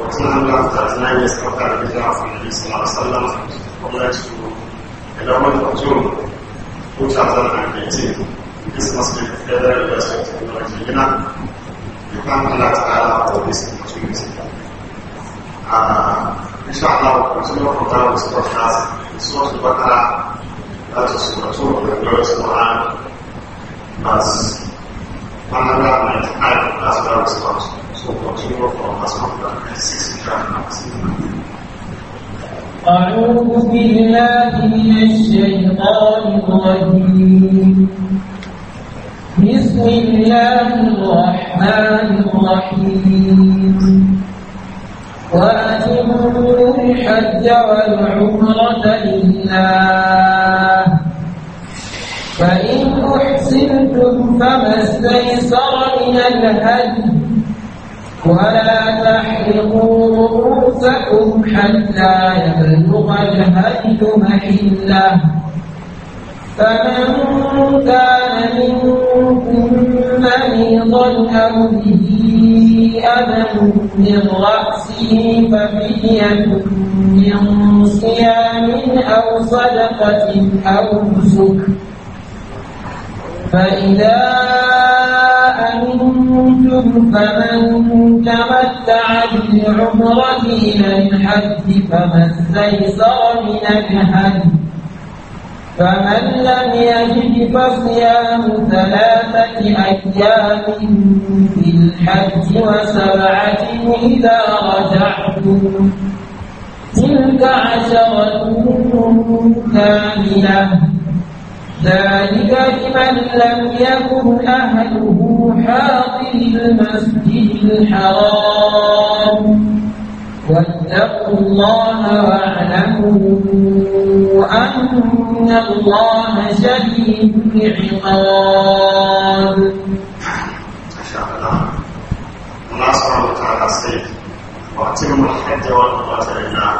وسنة الله تعالى يسرق على البدعة في النبي صلى الله عليه وسلم ولا تشكروا إلى من أرجوه 2018 This must be further illustrated in Nigeria. You can't allow Ta'ala for this opportunity. Uh, inshallah, we'll continue from that with podcast. In Surah Al-Baqarah, that is Surah 2 of the glorious Quran, verse 195, that's where we start. أعوذ بالله من الشيطان الرجيم بسم الله الرحمن الرحيم وأتموا الحج والعمرة لله فإن أحسنتم فما استيسر من الهدي ولا تحرقوا رؤوسكم حتى يبلغ الهدي محله فمن كان منكم مريضا او به اذى من راسه ففدية من صيام او صدقة او نسك فإذا أمنتم أحصنتم فمن تمتع بالعمرة إلى الحج فما استيسر من الحج فمن لم يجد فصيام ثلاثة أيام في الحج وسبعة إذا رجعتم تلك عشرة كاملة ذلك لمن لم يكن أهله حاضر المسجد الحرام واتقوا الله واعلموا أن الله شديد العقاب الله سبحانه وتعالى الحج والعمره لله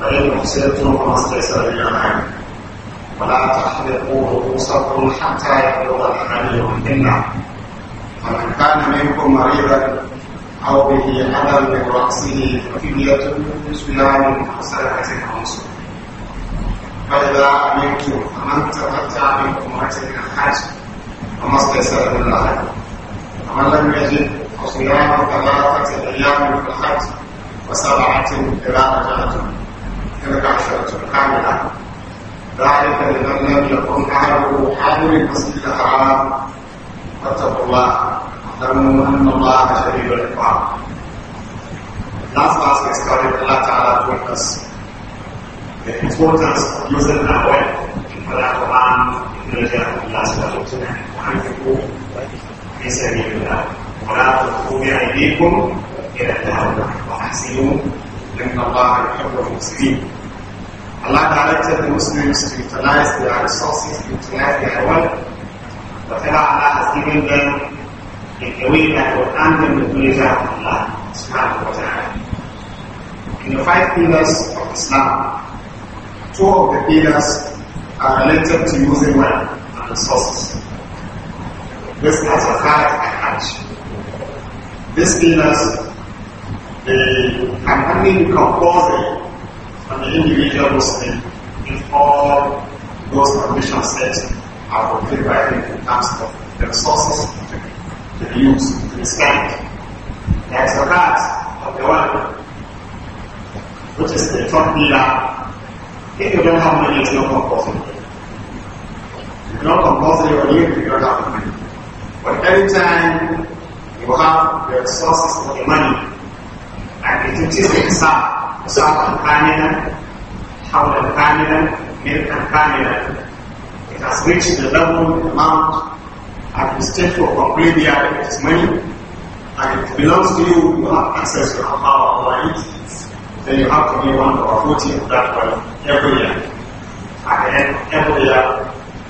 فان احسنتم فما استيسر من الامر ولا تحلقوا رؤوسكم حتى يبلغ الحليم منا فمن كان منكم مريضا أو به أذى من رأسه ففدية من صيام حسنة فإذا أمنتم فمن تمتع منكم من الحج فما استيسر من الحج ومن لم يجد فصيام ثلاثة أيام في الحج وسبعة إذا رجعتم تلك عشرة كاملة ذلك لمن لم يكن اعرف حذر المسجد الحرام فاتقوا is called Allah Ta'ala told us the our wealth in Allah Quran in the Nigeria of Allah Subhanahu wa Ta'ala. you go? He Allah directed the Muslims to utilize their resources, to utilize their wealth, whatever Allah has given them, in a way that will earn them the pleasure of Allah subhanahu wa ta'ala. In the five pillars of Islam, two of the pillars are related to using wealth and resources. This is zakat and hajj. These pillars, they can only be composed and the individual Muslim if all those conditions set are fulfilled by him in terms of the resources to be used to be spent. There is a of the world, which is the top leader, If you don't have money, it's not compulsory. It's not compulsory on you if you don't have money. But every time you have the resources for the money, and it is itself, صعبا قاملا حولا قاملا ملكا قاملا It has reached the level, amount, and the stage for complete the it is money, and it belongs to you, you have access to have power over it, then you have to be one over 40 of that wealth every year. And the every year,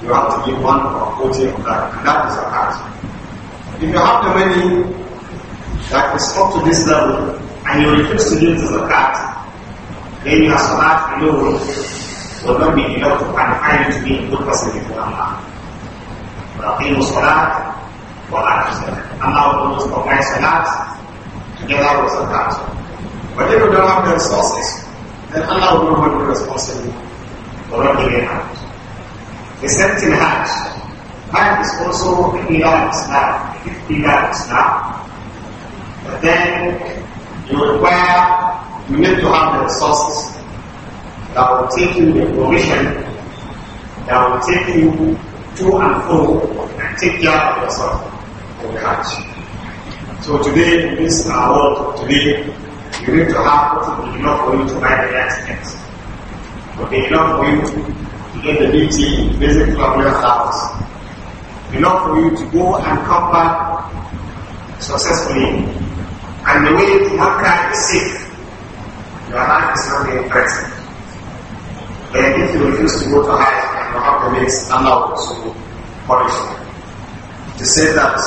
you have to be one over 40 of that, and that is a cut. If you have the money that is up to this level, and you refuse to give the card. Then your salat alone will not be enough to confine you to being a good person before I'm not الصَّلَاةَ وَآتُوا الزَّكَاةَ Allah will almost combine salat together with zakat. But if you don't have the resources, then Allah will not hold responsible for not giving out. The same thing Hajj. Hajj is also a pillar of Islam, a fifth pillar of Islam. But then you require you need to have the resources that will take you the information that will take you to and fro and take care of yourself for the Hajj. So today, in this uh, world today, you need to have what will be enough for you to buy the next things. Will enough for you to get the BT basic problem house. Enough for you to go and come back successfully. And the way to Makkah is safe. Your life is not yet present. And if you refuse to go to Hajj and your heart remains, Allah will punish you. To say that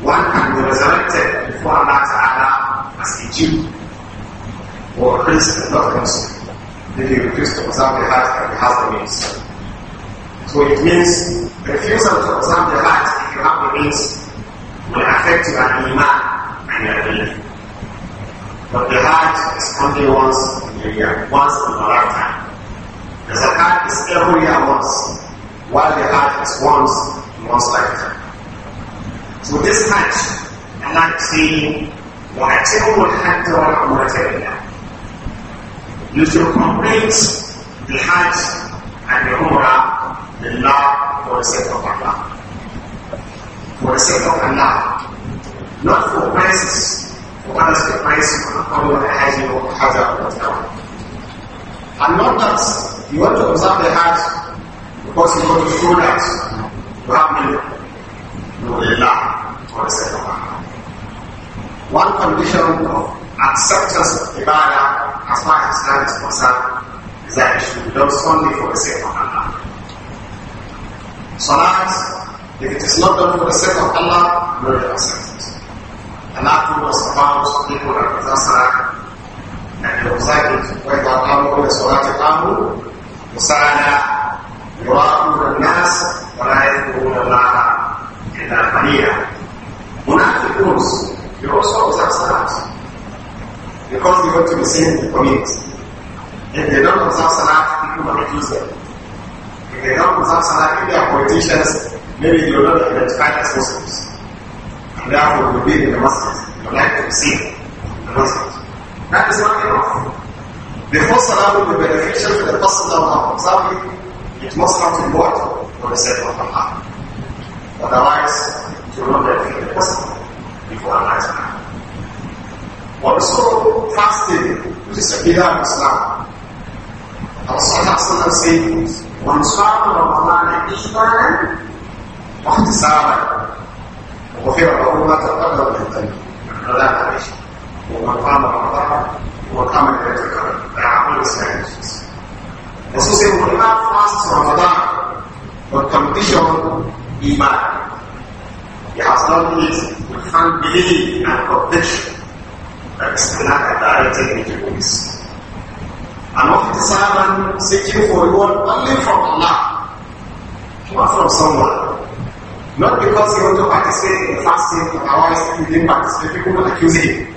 one can be resurrected before Allah Ta'ala as a Jew or a Christian, not Muslim, if you refuse to observe the Hajj and the Hajj remains. So it means refusal to observe the Hajj if you have the means will affect your iman and your belief. But the Hajj is only once in a year, once in a lifetime. The Zakat is every year once, while the Hajj is once in one's lifetime. So this Hajj, I'm not saying, وَأَتِمُوا الْحَجَّ وَالْعُمْرَةَ now. You should complete the Hajj and the Umrah, the law for the sake of Allah. For the sake of Allah. Not for praises, what is the price how has you has And not that you want to observe the Hajj because you want to show that you have money. No, Allah or the One condition of acceptance of Ibadah as far as Islam is concerned is that it should be done solely for the sake of Allah. Salat, if it is not done for the sake of Allah, no, it Allah told us about people that was Nasara and the Musajid, whether Amru, the Salat Amru, Musana, Yuraqu, the Nas, وَلَا Allah, إِلَّا قَلِيلًا Munafiquns, you also observe Salat. Because they want to be seen in the community. If they don't observe Salat, people will accuse them. If they don't observe Salat, if they are politicians, maybe they will not the as Muslims therefore, we live in the masjid. the like to see the masjid. That is not enough. The first salah will be beneficial to the person of our observe it. must come to God for the sake of Allah. Otherwise, it will not benefit the person before Allah is Also, fasting, which is a pillar of Islam. Our Sallallahu said, "One saw Ramadan imanan, one saw وغفر له ما تقدم من ذنبه فلا عليه ومن قام رمضان وقام الاعتكاف فعمل السعيد خصوصا القران خاص رمضان والكمبيشن ايمان يحصل is we can't believe and conviction that is not directed into goodness. And what is the servant seeking for reward only from Allah, not from someone. Not because you want to participate in the fasting, otherwise if you didn't participate, people will accuse you.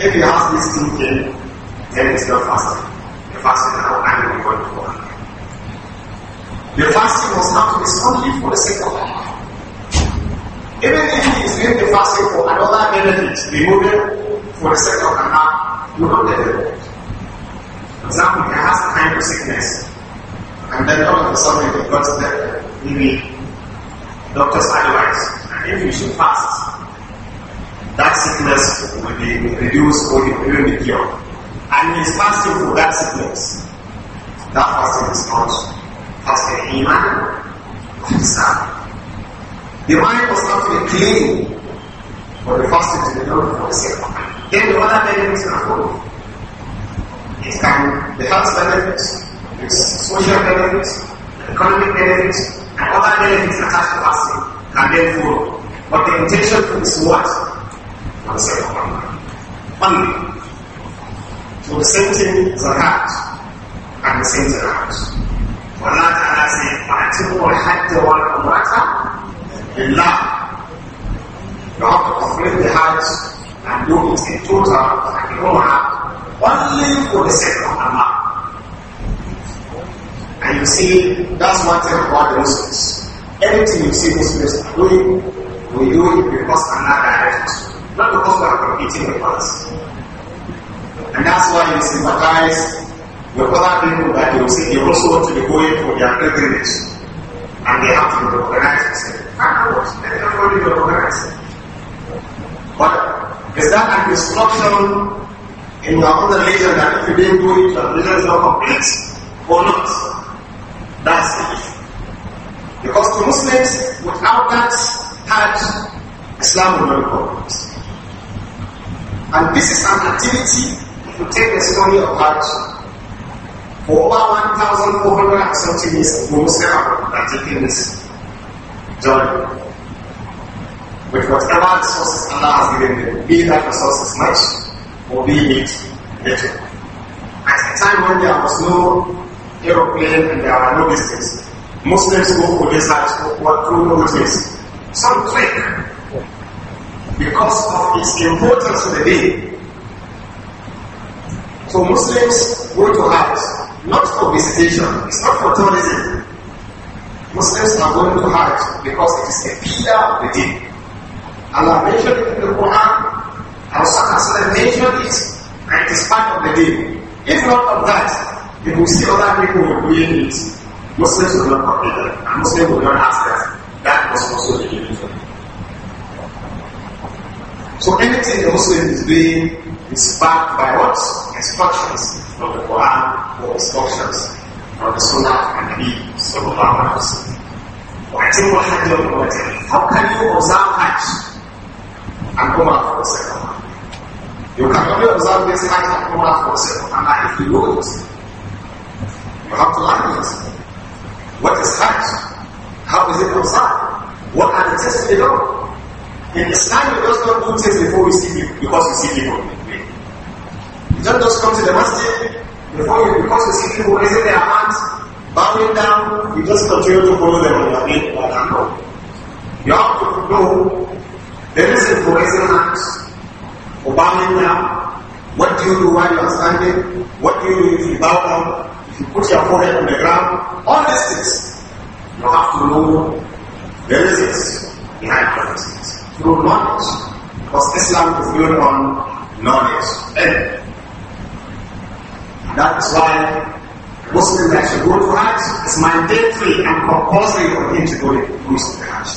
If you have this thinking, then it's not fasting. The fasting now I will going to work. The fasting was not to be solely for the sake of Allah. Even if he is doing the fasting for another benefit, removing for the sake of Allah, you don't get the reward. For example, he has a kind of sickness, and then all of a sudden he got that maybe doctor's advice and if you fast, that sickness will be reduced or even be cured. And he is fasting for that sickness. That fasting is not fasting iman or Islam. The mind was not to be clean for the fasting to be done for the sake of Then the other benefits come. It can, the health benefits, its social benefits, the economic benefits, Other than is attached to us can then follow. But the intention is what? One second. Only. So the same thing is zakat and the same thing hajj. Allah Ta'ala said, فَأَتِمُوا الْحَجَّ وَالْعُمْرَةَ لِلَّهِ You have to complete the hajj and do it in total and the umrah only for the sake of Allah. And you see, that's one thing about the Muslims. Everything you see Muslims are doing, we do it because are not us. Not because we are competing with us. And that's why you sympathize with other people that you see, they also want to be going for their pilgrimage. And they have to be organized. You say, ah, going to be organized. But is that an instruction in your own religion that if you didn't do it, your religion is not complete or not? That's the issue. Because the Muslims, without that, had Islam would not problems. And this is an activity to take the story of Hajj. For over 1,470 years, the Muslims have taken this journey. With whatever resources Allah has given them, be that resources much or be it little. At a time when there was no aeroplane and there are no business. Muslims go for desserts or through mountains. Some trick because of its importance to the day. So Muslims go to Hajj not for visitation, it's not for tourism. Muslims are going to Hajj because it is a pillar of the day. Allah mentioned it in the Quran. Our Rasul mentioned it, and it is part of the day. If not of that, they we see other people doing it. Muslims will not copy them, and Muslims will not ask us. That was also the illusion. So anything the Muslim is doing is backed by what? Instructions of the Quran or instructions of the Sunnah and the Sallallahu Alaihi Wasallam. How can you observe Hajj and come out for the second one? You can only observe this Hajj and come out for the second one. And if you don't, how Quran is. What is Hajj? How is it observed? What are the tests they know? In Islam, we just not do tests before we see people, because we see people. You don't just come to the masjid before you, because you see people raising their hands, bowing down, you just continue to follow them on your name or their You have to know the reason for raising hands, for bowing down, what do you do while you are standing? What do you do if you bow down? You put your forehead on the ground. All these things. You have to know the reasons behind all these things. Through knowledge. Because Islam is built on knowledge. And that is why Muslim that should go to Hajj is mandatory and compulsory for him to go to Muslim Hajj.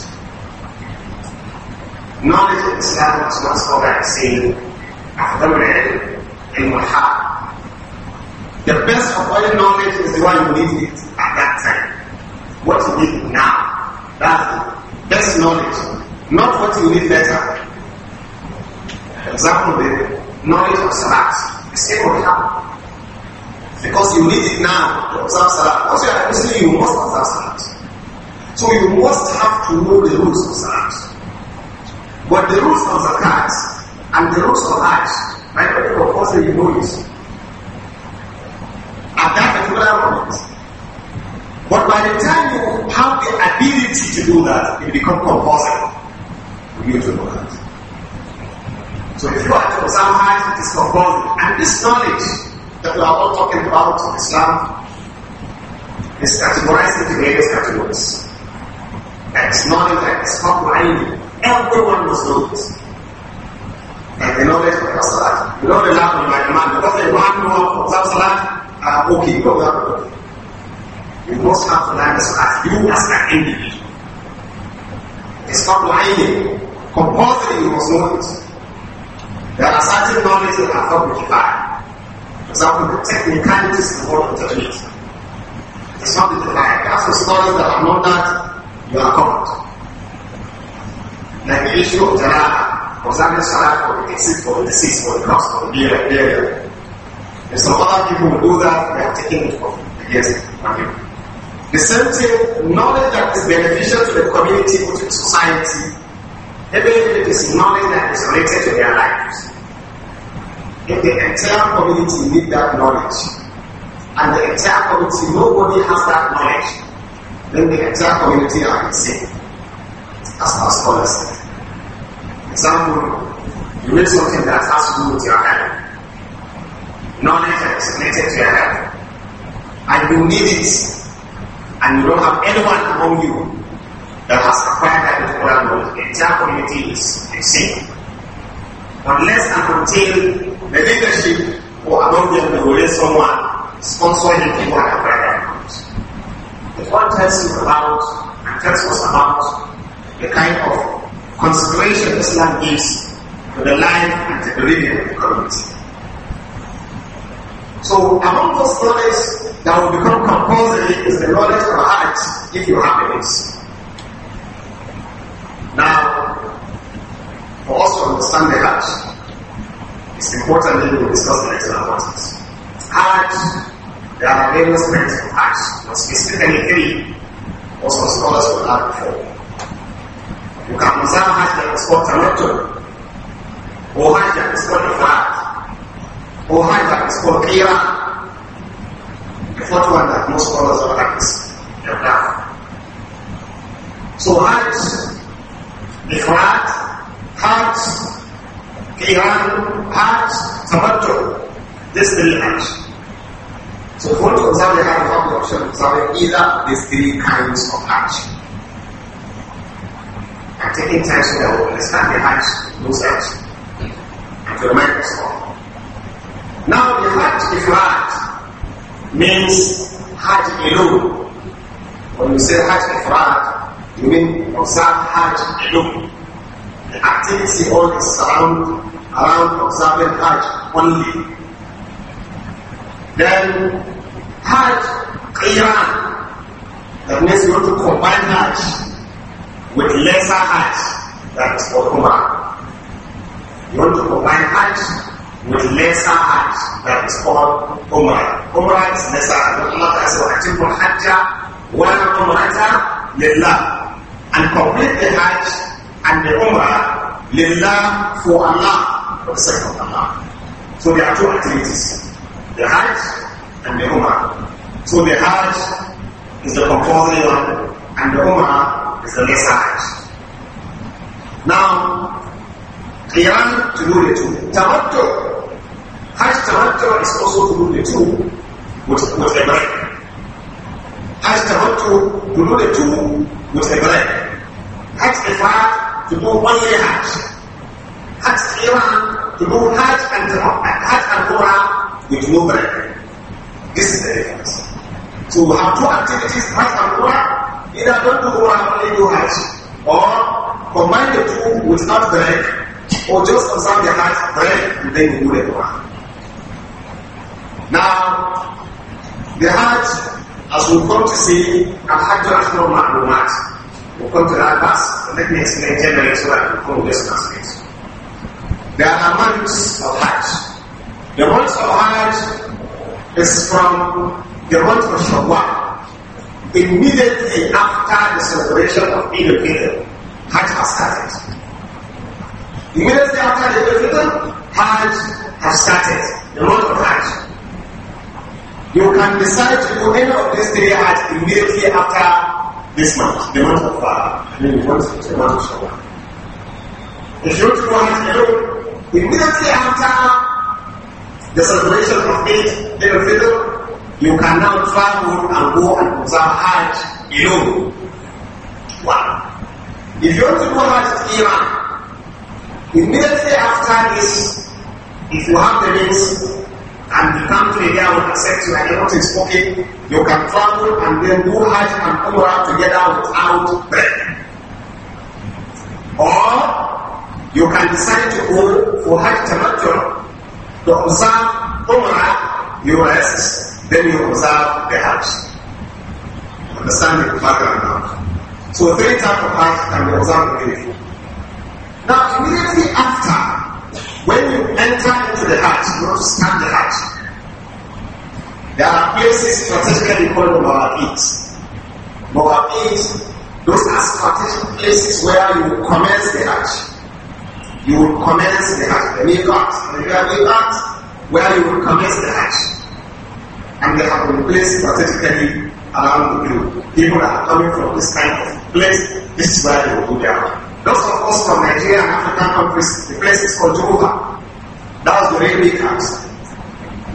Knowledge of Islam is not called by saying, أعظم العلم علم الحق the best acquired knowledge is the one you need it at that time. What you need now. That's the best knowledge. Not what you need later. For example, the knowledge of salat. The same will happen. Because you need it now to observe salat. Once you are Muslim, you must observe salat. So you must have to know the rules of salat. But the rules of zakat and the rules of hajj, my brother, of course, you know it particular But by the time you have the ability to do that, it becomes compulsory for you to know that. So if you are to some height, it is compulsory. And this knowledge that we are all talking about in Islam is categorized into various categories. It's knowledge that is comprehended. Everyone must know it. And the knowledge of your salat. You know the love of your man, because the man who observes salat are ah, okay, but we are You must have blindness as you as an individual. It's not lying. Compulsory, you must know it. There are certain knowledge that are not required. For example, the technicalities involved in judgment. It's not the lie. There are stories that are not that you are covered. Like the issue of Jara Jalala, observing Salah for the exit, for the deceased, for the loss, for the beer. And so other people will do that, they are taking it off against you. The same thing, knowledge that is beneficial to the community or to the society, even if it is knowledge that is related to their lives. If the entire community need that knowledge, and the entire community, nobody has that knowledge, then the entire community are insane. As our scholars said. Example, you read something that has to do with your health. Knowledge nations to you have. And you need it. And you don't have anyone among you that has acquired that particular knowledge. The entire community is the same, Unless and until the leadership or among them will raise someone sponsoring people and acquire that knowledge. The Quran tells you about and tells us about the kind of consideration Islam gives for the life and the living of the community. So among those knowledge that will become compulsory is the knowledge of Hajj, if you have it. Now, for us to understand the Hajj, it's important that we discuss the next analysis. Hajj, there are various things only. Then Hajj Qiran. That means you want to combine Hajj with lesser Hajj. That is for Umrah. You want to combine Hajj with lesser Hajj. That is for Umrah. Umrah is lesser Hajj. Allah has Hajj "Atimul Hajja wa Umrata lillah," and complete the Hajj and the Umrah lillah for Allah, for the sake of Allah. So there are two activities, the Hajj and the Umrah. So the Hajj is the compulsory one and the Umrah is the lesser Hajj. Now, Qiyam to do the two. Tamattu, Hajj Tamattu is also to do the two with, with a break. Hajj Tamattu to do the two with a break. Hajj Ifad to do only Hajj. Hajj Qiyam to do Hajj and Hajj and Umrah with no break. This is the difference. So we have two activities, Hajj and Umrah. Either don't do Umrah only do Hajj, or combine the two without break, or just observe the Hajj break and then you do the Umrah. Now, the Hajj, as we come to see, al Hajj al-Ashram al-Rumat. We'll come to that verse, let me explain generally so that we can just translate. There are months of Hajj. The month of Hajj is from the month of Shawwal. Immediately after the celebration of Eid al-Fitr, Hajj has started. Immediately after the Eid al-Fitr, Hajj has started. The month of Hajj. You can decide to do any of these three Hajj immediately after this month, the month of uh, the month of Shawwal. If you want to go Hajj alone, Immediately after the celebration of it, Eid al-Fitr, you can now travel and go and observe Hajj alone. Wow. If you want to go Hajj to Iran, immediately after this, if you have the means, and the country there will accept you and everything is okay, you can travel and then do Hajj and Umrah together without bread. Or You can decide to go for Hajj Tamattu, to observe Umrah, you rest, then you observe the Hajj. Understand the background now. So three types of Hajj can be observed immediately. Now immediately after, when you enter into the Hajj, you have to scan the Hajj. There are places strategically called Mawaqit. Mawaqit, those are strategic places where you commence the Hajj you will commence the Hajj, the Miqat, the where you will commence the Hajj. And they have been placed strategically around the globe. People are coming from this kind of place, this is where they will go down. Those of us from Nigeria and African countries, the place is called Jehovah. That's the real Miqat.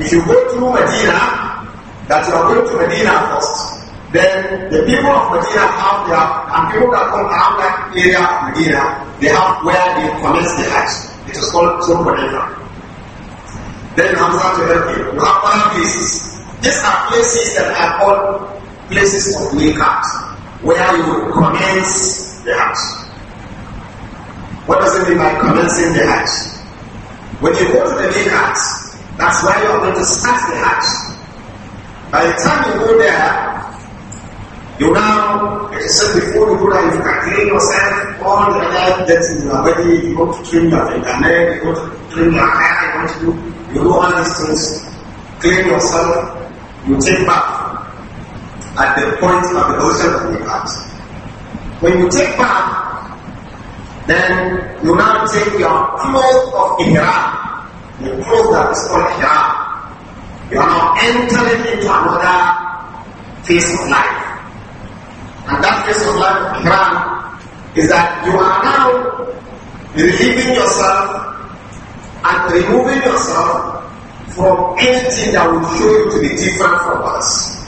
If you go through Medina, that you are going to Medina first, then the people of Medina have their, and people that come around that area of Medina, they have where they commence the Hajj. It is called Zulmunaita. Then Hamza to help you. You have other places. These are places that are called places of makeup, where you commence the Hajj. What does it mean by commencing the Hajj? When you go to the makeup, that's where you are going to start the Hajj. By the time you go there, you now, as I said before, you could have calculated yourself all the time that you are ready, you want to trim your internet, you want to trim your hair, you want to do, you do all these things, clean yourself, you take bath at the point of the ocean. of the bath. When you take bath, then you now take your clothes of ihram, the clothes that is called ihram. You are now entering into another phase of life and that case of life of Ihram, is that you are now relieving yourself and removing yourself from anything that will show you to be different from us.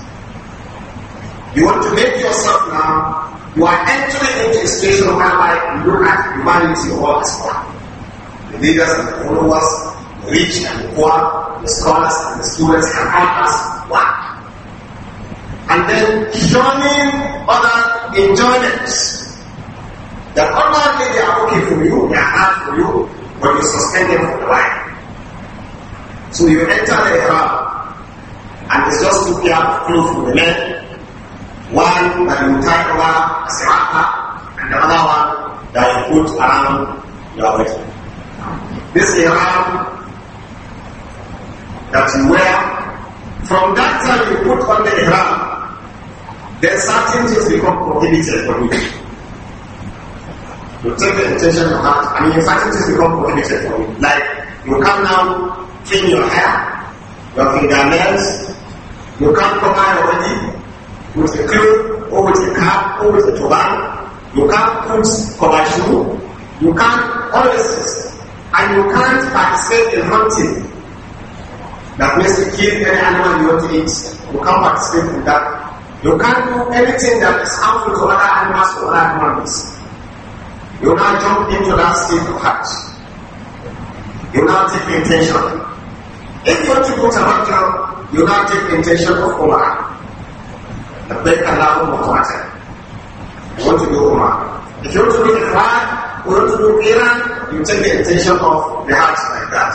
You want to make yourself now, you are entering into a situation of life, you look at humanity all as one. The leaders and the followers, the rich and the poor, the scholars and the students and as one and then shunning other enjoyments that Allah may they are okay for you, they are hard for you, but you suspend them for the life. So you enter the ihram, and it's just two pair of clothes for the men, one that you tie over as a wrapper, and the other one that you put around your waist. This ihram that you wear, from that time you put on the ihram, then certain things become prohibited for you. You take the intention of heart. I mean, certain things become prohibited for you. Like, you can't now clean your hair, your fingernails, you can't come out already with a cloth or with a cap or with a turban. You can't put cover shoe. You can't, always, this. And you can't participate in hunting. That means to kill any animal you want to eat. You can't participate in that you can't do anything that is harmful to other animals or other human You now jump into that state of heart. You now take intention. If you want to go to Hajj, you now take intention of Umrah. The big Allah Muqtata. You want to do Umrah. If you want to do Iran, you want to do Iran, you take the intention of the heart like that.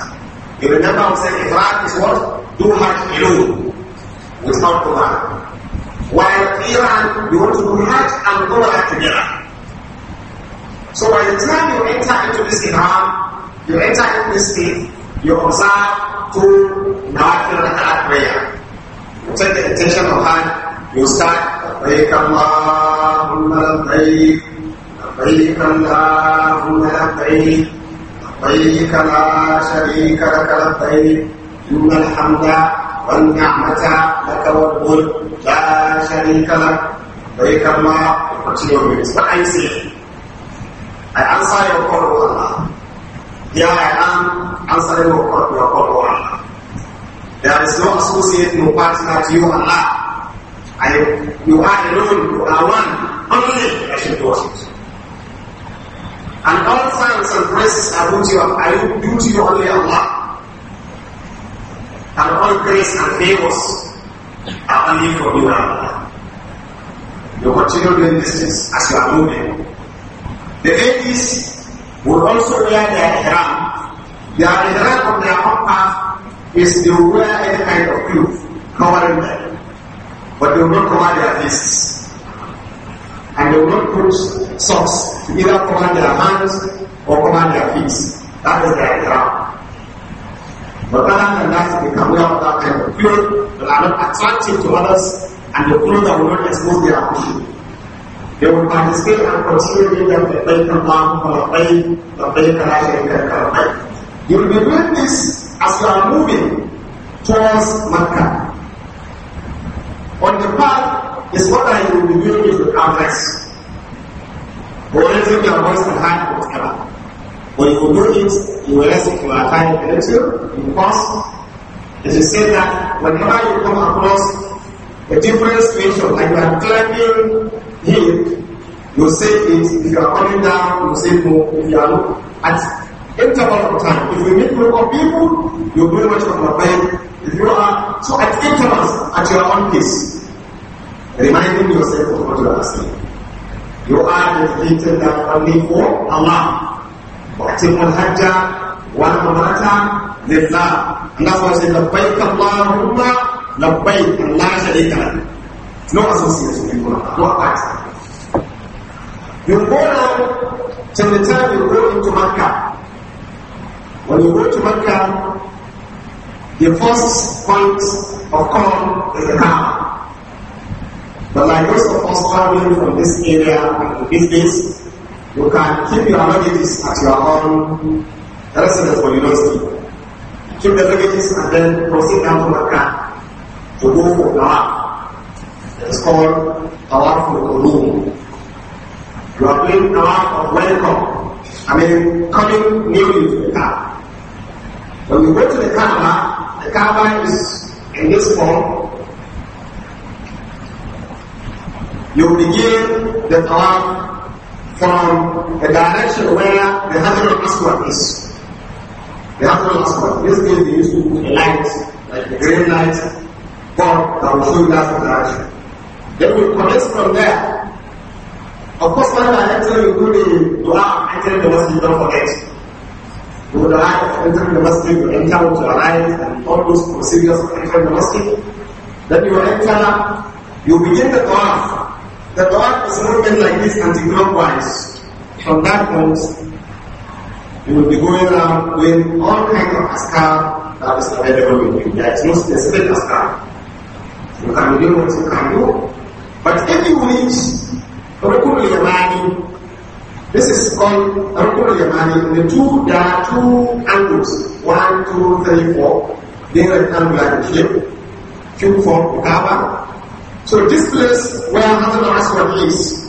You remember I'm saying Iran is what? Do heart alone, without Umrah. While Iran, you want to do Hajj and Umrah together. So by the time you enter into this Ihram, you enter into this state, you observe two Nafil Rakat prayer. You take the intention of Hajj, you start لبيك اللهم لبيك لبيك اللهم لبيك لبيك لا شريك لك لبيك إن الحمد والنعمة لك والملك لا شريك لك ويك الله continue with this but I say I answer your call O Allah here I am answering your call, O Allah there is no associate no partner to you Allah and you are alone you are one only I should worship and all thanks and praises are due to you, are due to you only Allah and all grace and favors are only from you now. You continue doing these things as you are moving. The ladies will also wear their ihram. Their ihram on their own path is they will wear any kind of cloth covering them, but they will not cover their faces. And they will not put socks to either cover their hands or cover their feet. That is their ihram. But rather than that, they can wear they kind of clothes that are not attractive to others and the clothes that will not expose their issue. They will participate and continue doing that لبيك اللهم لبيك لبيك لا شريك لك لبيك. You will be doing this as you are moving towards Mecca. On the path is not that you will be doing it without rest. Or raising your voice to high, whatever. But you will do it unless you are high intellectual, in cost. It is said that whenever you come across a different situation like you are climbing hill, you say it. If you are coming down, you say no. If you are at interval of time, if you meet group of people, you bring much from your mind. If you are so at intervals, at your own pace, reminding yourself of what you are saying. You are dedicated that only for Allah. وأتم الحج والعمرة لله الله صلى لبيك اللهم لبيك لا شريك لك no association in Quran, no party. You go now till the time you go into Mecca. When you go to Mecca, the first point of call is the Kaaba. But like most of us traveling from this area and this you can keep your luggages at your own residence for university. Keep the luggages and then proceed down to Makkah to go for Tawaf. It's called Tawaf for room. You are doing Tawaf of welcome. I mean, coming new to the car. When you go to the Kaaba, the Kaaba is in this form. You begin the Tawaf from the direction where the Hajar al-Aswad is. The Hajar al-Aswad. This is they used to put a light, like a green light, but that will show you that's the direction. Then we commence from there. Of course, when I enter, you do the dua, entering the masjid, don't forget. You would arrive, entering the masjid, you enter with your eyes, and all those procedures of entering the masjid. Then you enter, you begin the dua. The God is not like this anti-clockwise. From that point, you will be going around with all kinds of askar that is available with you. There is no specific askar. You can do what you can do. But if you reach Rukul Yamani, this is called Rukul Yamani. In the two, there are two angles. One, two, three, four. They rectangular in shape. Cube form, cover. So this place where Hazrat Aswad lives,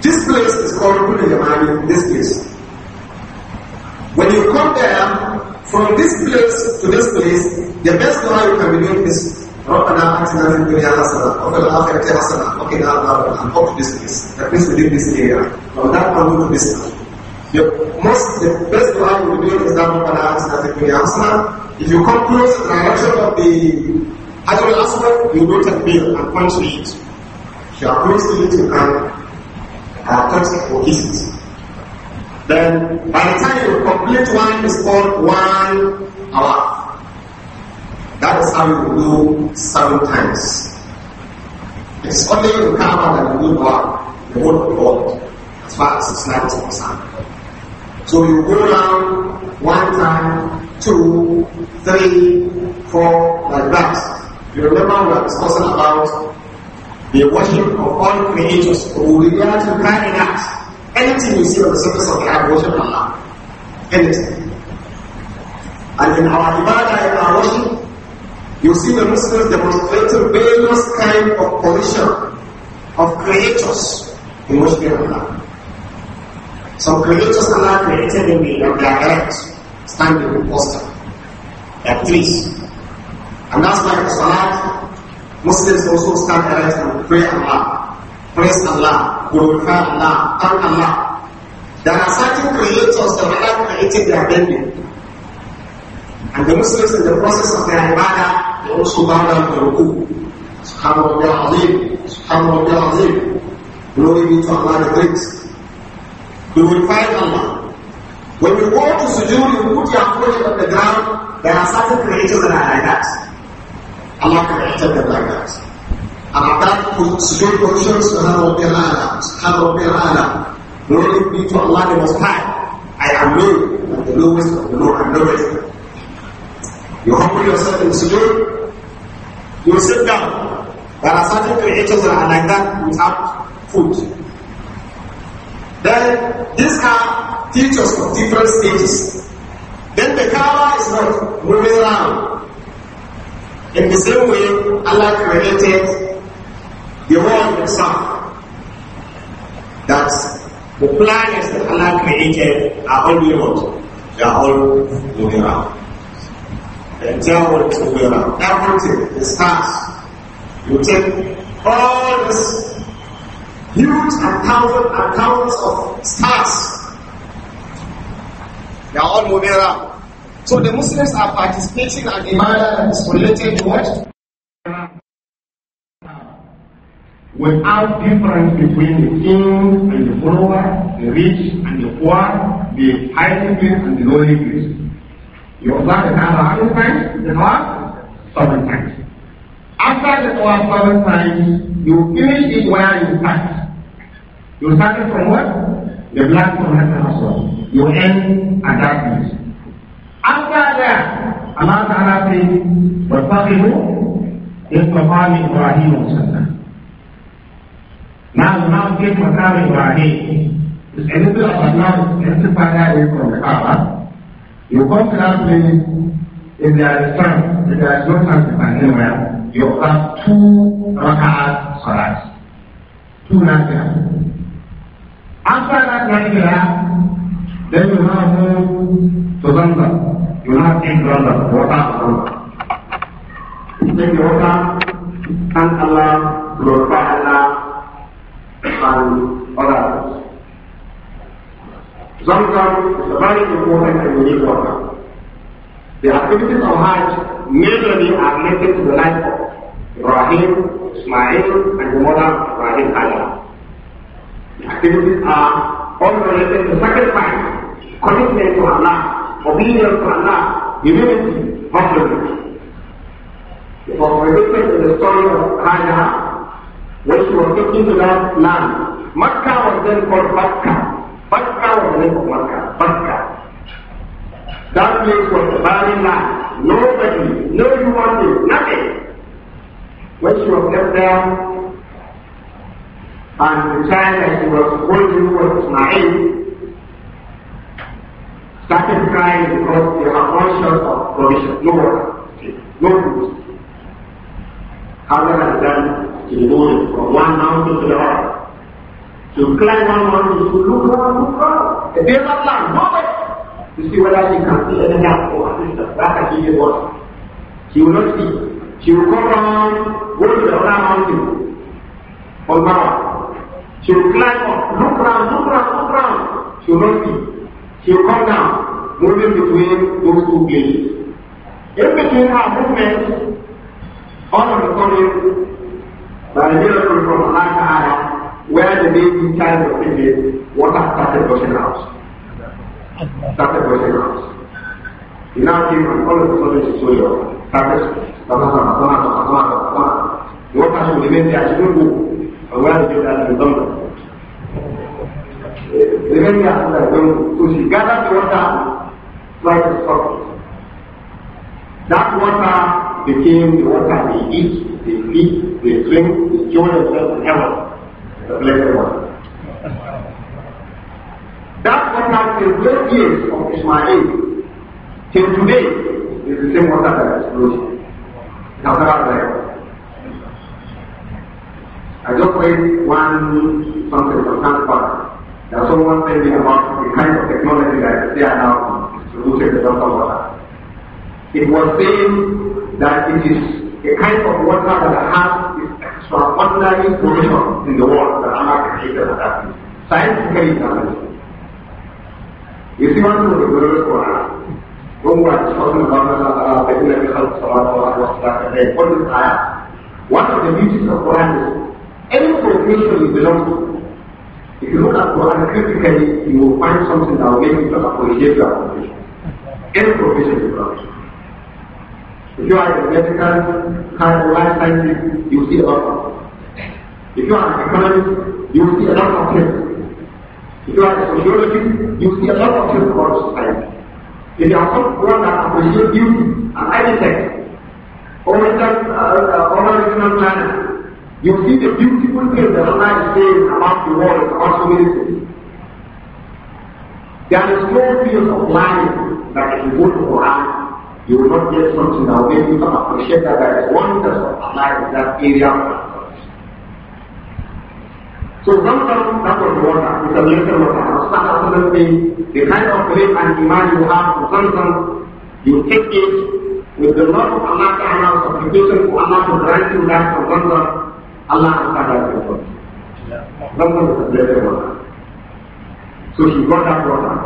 this place is called Punayamani in this place. When you come there, from this place to this place, the best dua you can be doing is رَبَّنَا أَتِنَا فِي الدُّنْيَا حَسَنَةً وَفِي الْآخِرَةِ حَسَنَةً وَقِنَا عَذَابَ النَّارِ Up to this place. That means within this area. From that one to this one. The most, the best dua you will be doing is that رَبَّنَا أَتِنَا فِي If you come close to the direction of the as an asper, you wrote a bill and point it. You are going to it in hand and touch or kiss it. Then, by the time you complete one, it's called one hour. That is how you do seven times. It's only you come out and you do one, the whole of world, as far as it's is concerned. So you go down one time, two, three, four, like that. You remember we were discussing about the worship of all creatures who regard to us Anything you see on the surface of the earth, worship Allah. Anything. And in our ibadah, in our worship, you see the Muslims demonstrating various kinds of position of creatures in worshiping Allah. Some creatures Allah created in the their standing in posture, like trees, and that's why like Salah, Muslims also stand erect to pray Allah, praise Allah, glorify Allah, thank Allah. There are certain creators that Allah created their venue. And the Muslims in the process of their ibadah, they also bow down to Ruku. Subhanallah al-Azim, Subhanallah al-Azim. Glory be to Allah the Great. Glorify Allah. When you go to sujood, you put your foot on the ground, there are certain creatures that are like that. I আল্লাহকে একসাথে রাখবেন আর আপনার সুযোগ পরিষদ সুহান রব্বিল আলা সুহান রব্বিল আলা glory be to Allah the Most High I am low and the lowest of the low and lowest you humble yourself in sujood you sit down there are certain creatures that are like that without food then this are teaches of different stages then the Kaaba is not moving around in the same way Allah created the world itself. That the planets that Allah created are all remote. They are all moving around. The entire world is moving around. Everything, the stars. You take all this huge and thousands and thousands of stars. They are all moving around. So the Muslims are participating in a matter that is related to what? Without difference between the king and the follower, the rich and the poor, the high placed and the lowly placed. You observe another Tawaf seven times, the Tawaf seven times. After the Tawaf seven times, you finish it where you start. You started from what? The black from Hassan You end at that place. Apanya Allah Ta'ala fi berfakimu Yang maqami Ibrahim Sallallahu Now, now get maqami Ibrahim It's a little of Allah It's a fire away from the Kaaba You come to that place If there is sun If there is no sun to anywhere You have two raka'at salat Two raka'at After that raka'at Then you have ಸುಗಂಧ ಯುನಾಟೆಡ್ ಗಂಧ ಓಟಾ இந்த yoga kan Allah zamzam sabari da kuma kan yi kwata the activities of hajj majorly are related to the life of Ibrahim, Ismail and the mother Ibrahim Allah the activities are all related to sacrifice commitment to Allah obedience to Allah, humility, humbleness. It was predicted in the story of Khadija when she was taken to that land. Makkah was then called Bakka. Bakka was the name of Makkah. Bakka. That place was a barren land. Nobody, no human nothing. When she was left there, and the child that she was holding was Ismail, satisfied because they are conscious of provision. No more. No provision. Allah has done to the moon from one mountain to the other. To climb one mountain to look around, look around. The day of land, nobody. To see whether she can see any help or assistance. That can give you what? She will not see. She will come down, go to the other mountain. Or now. She will climb up, look around, look around, look around. She will not see. you come now, moving between those two places. In between our movement, all of the coming by the miracle from Allah Ta'ala, where the baby child was in water started washing out. Started washing out. He now came and all of a sudden she saw your started, the water should remain there, she won't go. And where the baby child is done, remaining as well So she gathered water, tried to stop it. That water became the water we eat, we feed, they drink, we join ourselves in heaven, the blessed one. That water till those years of Ismail, till today, is the same water that that is there. I just read one something from Sanskrit. Now someone said it's about the kind of technology that they are now producing the water water. It was saying that it is a kind of water that has this extraordinary position in the world that I'm not created at that Scientifically analyzed. You see one of the for Quran, when we are discussing about Allah, the Quran, the Quran, the Quran, what is ayah? One of the beauties of Quran is any profession you belong to, if you look at Quran critically, you will find something that will make you appreciate your profession. Any profession is corruption. If you are a medical kind of life scientist, you see a lot of things. If you are an economist, you see a lot of things. If you are a sociologist, you see a lot of things about society. If you are someone that appreciate beauty, an architect, or a uh, uh, organizational planner, you see the beauty People think that Allah is saying about the world is also anything. There is no field of life that if you go to Quran, you will not get something that will make you appreciate that there is wonders of Allah in that area. So sometimes that was water, it's a lesson of Allah. The kind of faith and demand you have to sometimes you take it with the love of Allah Ta'ala, supplication for Allah to grant you that from Allah. Allah akan lakukan. Lakukan dari mana? So he got that water.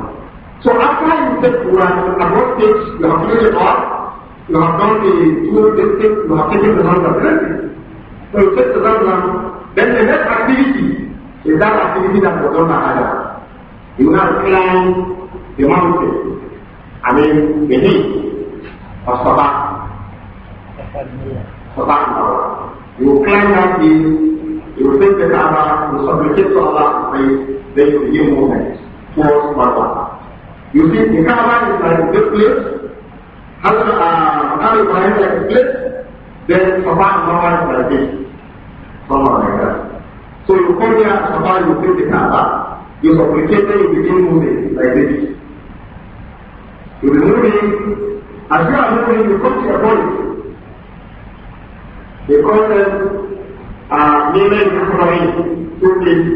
So after you take Quran, about things, you have read it all, you have done the two things, you have taken the hand of blessing. So you take the hand now, then the next activity is that activity that was done by Allah. You now climb the mountain, I mean the hill of Sabah. Sabah Mawar. You will climb that hill, you will take the camera. you will supplicate to Allah to pray, then you begin movement towards Marwa. You see, the camera is like this place, how uh, Ibrahim like this place, then Safa and Marwa is like this. Something like that. So you come here at Safa, you take the camera. you supplicate, then you begin moving like this. You will move in, as you are moving, you come to a point Because uh, uh, women crying, two things.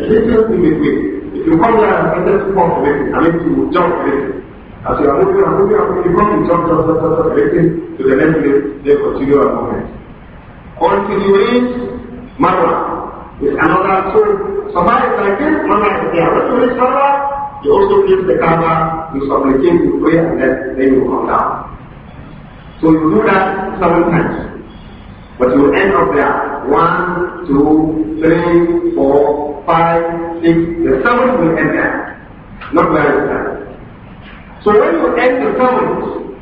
to me If you come here and start to talk to me, I mean you jump to As you are moving and moving and moving, you come to jump, jump, jump, jump, to the next minute, They continue your moment. Until Marwa, is another soul. Somebody is like this, Marwa is there. When you reach Marwa, you also give the Kaaba, you supplicate, you pray, and then, then you come down. So you do that seven times. But you end up there. One, two, three, four, five, six. The seventh will end there. Not where you start. So when you end the seventh,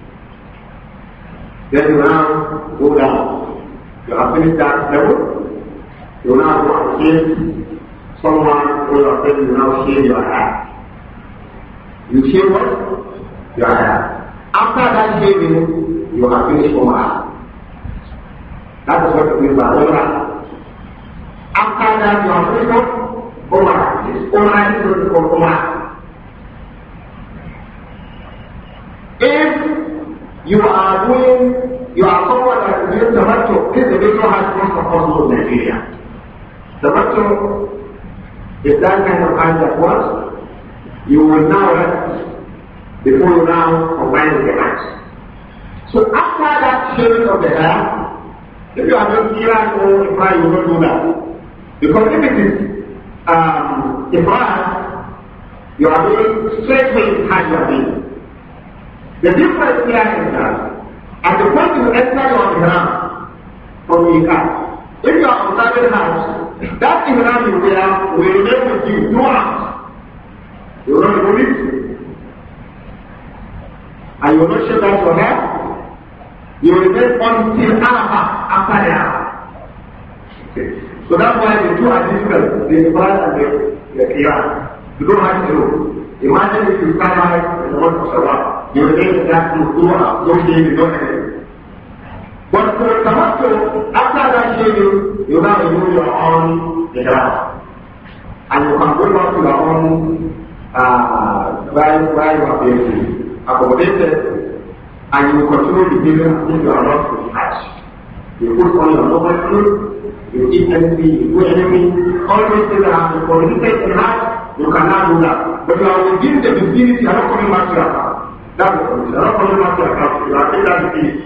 then you now go down. You have finished that level. You now go and shave. Someone will have said you now shave your hair. You shave what? Your hair. After that shaving, you have finished your hair. That is what we mean by Umrah. After that, you have finished Umrah. This Umrah is what we call Umrah. If you are doing, you are someone that is doing Tamattu, this individual has crossed the coast of Nigeria. Tamattu is that kind of kind that was, you will now rest before you now combine the hands. So after that shaving of the hair, If you are just Iran or Iran, you don't do that. Because if it is um, Iran, you are going straight away inside your being. The difference here is that at the point you enter your Iran from Iran, if you are outside the house, that Iran you wear will remain with you throughout. You will not believe, it. And you will not shave that your hair. You will wait until Arafah after the Arafah. So that's why the two are difficult, the Ibrahim and the, the Qiyam. You don't have to know. Imagine if you start out in the month of Shawwal, you will get that to two hours, no shame, no anything. But for Tamattu, after that shame, you now remove your own Ibrahim. And you can go back to your own uh, where, where you have been accommodated and you continue to give them things you are not to the You put on your noble food, you eat anything, you do anything, all these things that have been polluted in heart, you cannot do that. But you are within the disease, you are not coming back to your heart. That is all. You are not coming back to your heart. You are in that disease.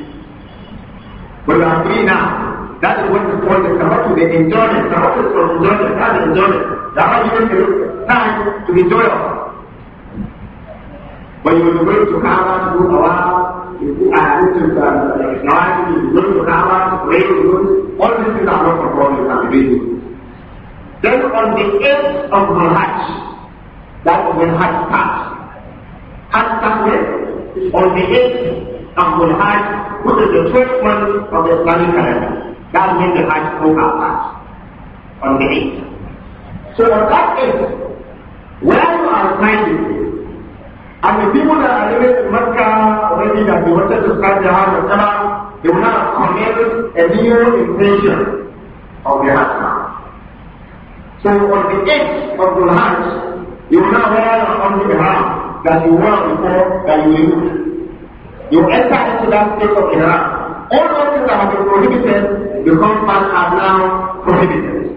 But you are free now. That is what is called the Sabbath, the enjoyment. Sabbath is for enjoyment, not enjoyment. That has given you time to enjoy yourself. But you will be going to Kaaba to do Awara, النوادي all these things are not Then on the 8th of Zulhaj, that is when Hajj starts. Hajj started on the 8th of have, which is the 12th month of the Islamic calendar. That means the Hajj program starts on the 8th. So on that where you are finding and the people that are living in Mecca already that they wanted to start their house of Kaaba, they will now commit a new invasion of the house So on the edge of the Hajj, you will now wear your own that you wore before that you used. You enter into that state of Ihram. All those things that have been prohibited become part are now prohibited.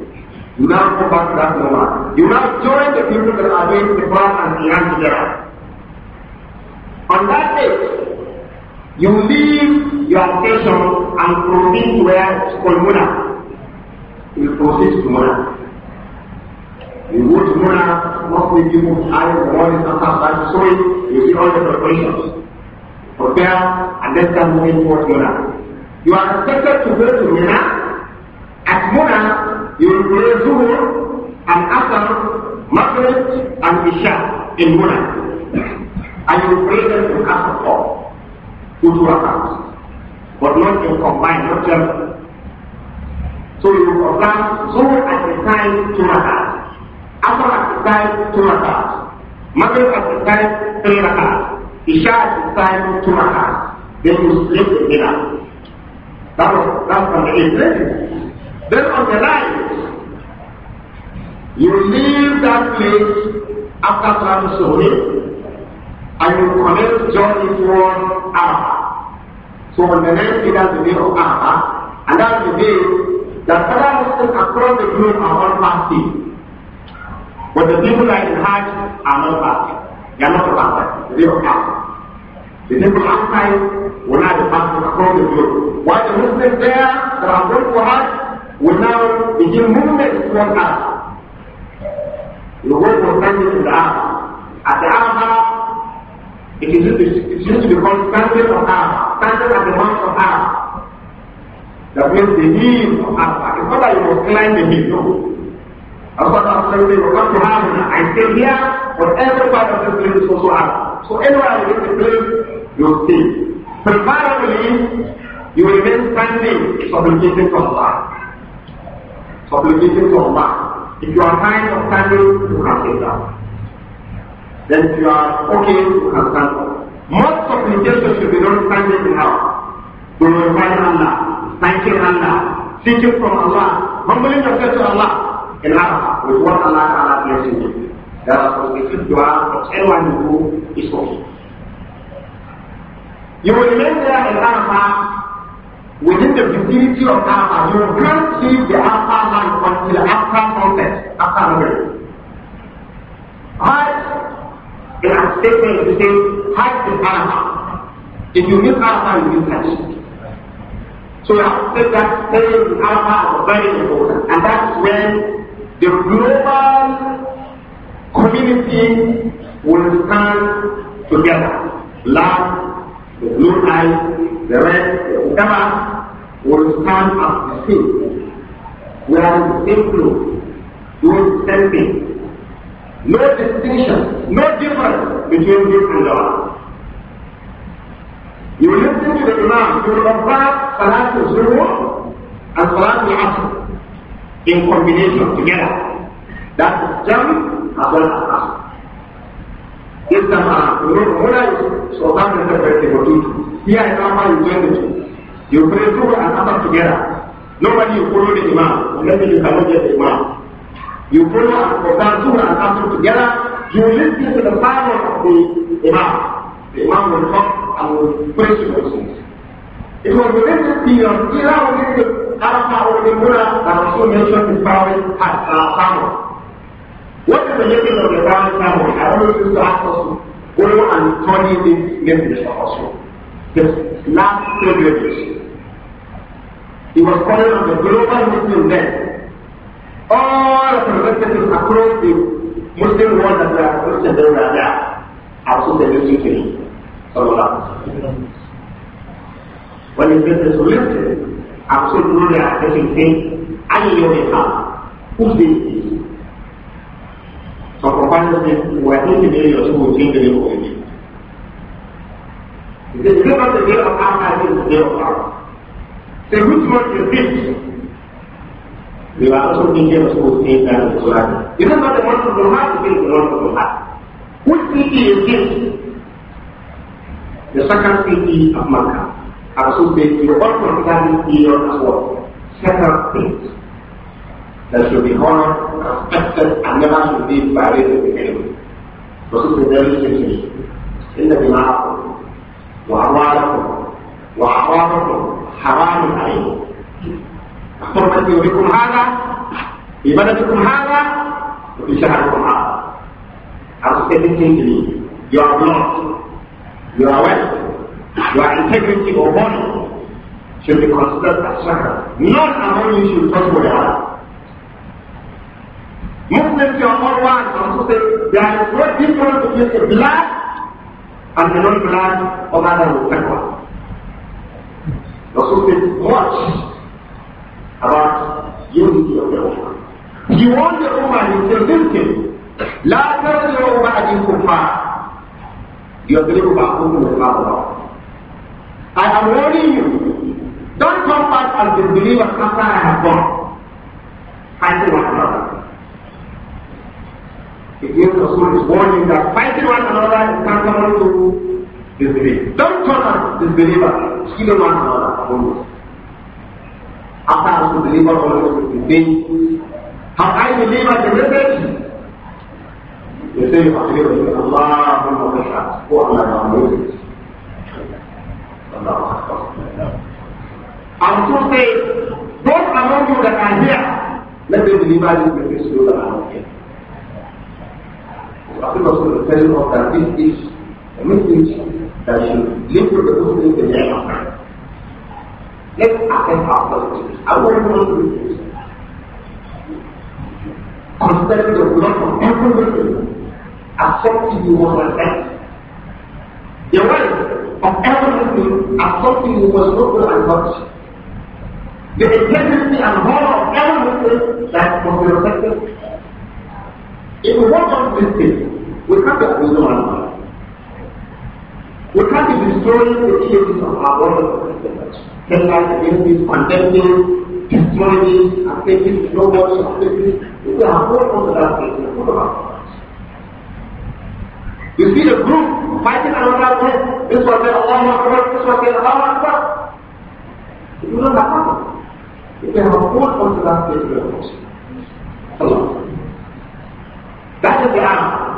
You now go back to that normal. You now join the people that are doing the Quran and Iran together. On that day, you leave your station and proceed to where it's called Muna. You proceed to Muna. You go to Muna, mostly people iron the morning, is not that so you see all the preparations. Prepare and then start moving towards Muna. You are expected to go to Muna. At Muna, you will play Zuhur and after Maghrib and Isha in Muna. And you pray them to cast a call, two rakats. But not in combined, not just. So you apply, Zohar at the time, to rakats. Asr at the time, two rakats. Maghrib at the time, three rakats. Isha at the time, two rakats. Then you sleep in dinner. That was, that's on the evening. Then on the night, you leave that place after Salatul I will connect join it word Arafah. So on the ninth day, that's the day of Arafah, and that's the day that other Muslims across the globe are all fasting. But the people that in Hajj are not fasting. They are not fasting. The day of Arafah. The people outside will not be fasting across the globe. While the Muslims there that are going to Hajj will now begin movement towards Arafah. The go for standing in the Arafah. At the Arafah, It is used to, be called standard of Arab, standard at the mount of Arab. That means the hill of Arab. It's not that you must climb the hill, no. As what I'm saying, you come to Arab, I stay here, but every part of this place is also Arab. So anywhere you get the place, you'll stay. Preferably, you will remain standing, supplicating to Allah. Supplicating to Allah. If you are kind of standing, you can sit down. Then you are okay, you can Most of the supplications should be done standing in house. Glorifying Allah, thanking Allah, seeking from Allah, humbling yourself to Allah in Arab with what Allah Ta'ala blessing you. There are supplications you are, but anyone you do is okay. You will remain there in Arafah within the vicinity of Alpha, you can't leave the Alpha light until after sunset, after the rain in our statement to say Hajj in Panama. If you miss Panama, you miss Hajj. So we have said that staying in is very important. And that's when the global community will stand together. Black, the blue eyes, the red, the whatever, will stand up the same. We are in the same group, doing the same thing. No distinction, no difference between this and that. You listen to the Imam, you will observe Salat al-Zuhr and Salat al-Asr in combination together. That is Jam as well as Asr. This time around, uh, you know, Mula is Sultan and the Prophet Bokitu. Here is you join the You pray Zuhr and Asr together. Nobody you follow the Imam, maybe you cannot get the Imam. You follow and that Surah and Qasr together. You listen to the power of the Imam. The Imam will come and will preach to things. It was within this period, era within the Arafah of the Mullah that also mentioned the Prophet as uh, a What is the meaning of the Prophet sermon? I want you to ask us to follow and study this message of Rasul. This last pilgrimage. He was calling on the global Muslim then all prerogative across the Muslim world that we Christian that are there also the new king. When it gets resurrected, absolutely are taking things and you may have. Who did this? So companions said, we are going to in your school, change the name of it. He said, the day of Allah is the day of our, Say, which one is this? We were also teaching a school thing that is Quran. Remember the month of Quran is the Quran. Which city is this? The second city of Makkah. Our Rasul said, you all consider this period things. That should be honored, respected, and never should be violated with anyone. Rasul said, there is a situation. إن دماءكم وأموالكم وأعراضكم حرام عليكم حرمة يومكم هذا في بلدكم هذا وفي شهركم هذا Are everything in you. You are blood. You are wealth. Your integrity or honor should be considered as sacred. Not among you should touch whatever. Muslims, you are all one. Also say there is no difference between the blood and the non-blood of other taqwa. Rasul says, watch about unity of the Ummah. You want the Ummah, you say this thing. لا ترجعوا بعد كفار يضرب بعضكم البعض I am warning you don't come back as the believer after I have gone fighting one another The of Rasul is warning that fighting one another is tantamount to disbelief. Don't turn as disbeliever, killing one another after I was a believer or I was a thing. Have I delivered the message? You say, I believe in Allah, who is Oh Allah, I believe it. And so say, those among you that are here, let them deliver this message to that are not here. So I think telling of that this is a message that should live with the Muslims in the end of time. Let us empower politics. I want to do this. Consider the blood of every everything affecting you on earth. The right of every everything affecting you was local and much. The intensity and horror of every everything that was affected. If we want to do this, we have to do one we can't be destroying the images of our world. Just like the enemies condemning, destroying, and affecting no one, affecting. We are no on that place. What about you see the group fighting another group. This was their Allah Akbar, this was their Allah Akbar. You will not happen. If they have pulled onto that place, they will not. Allah. That is the answer.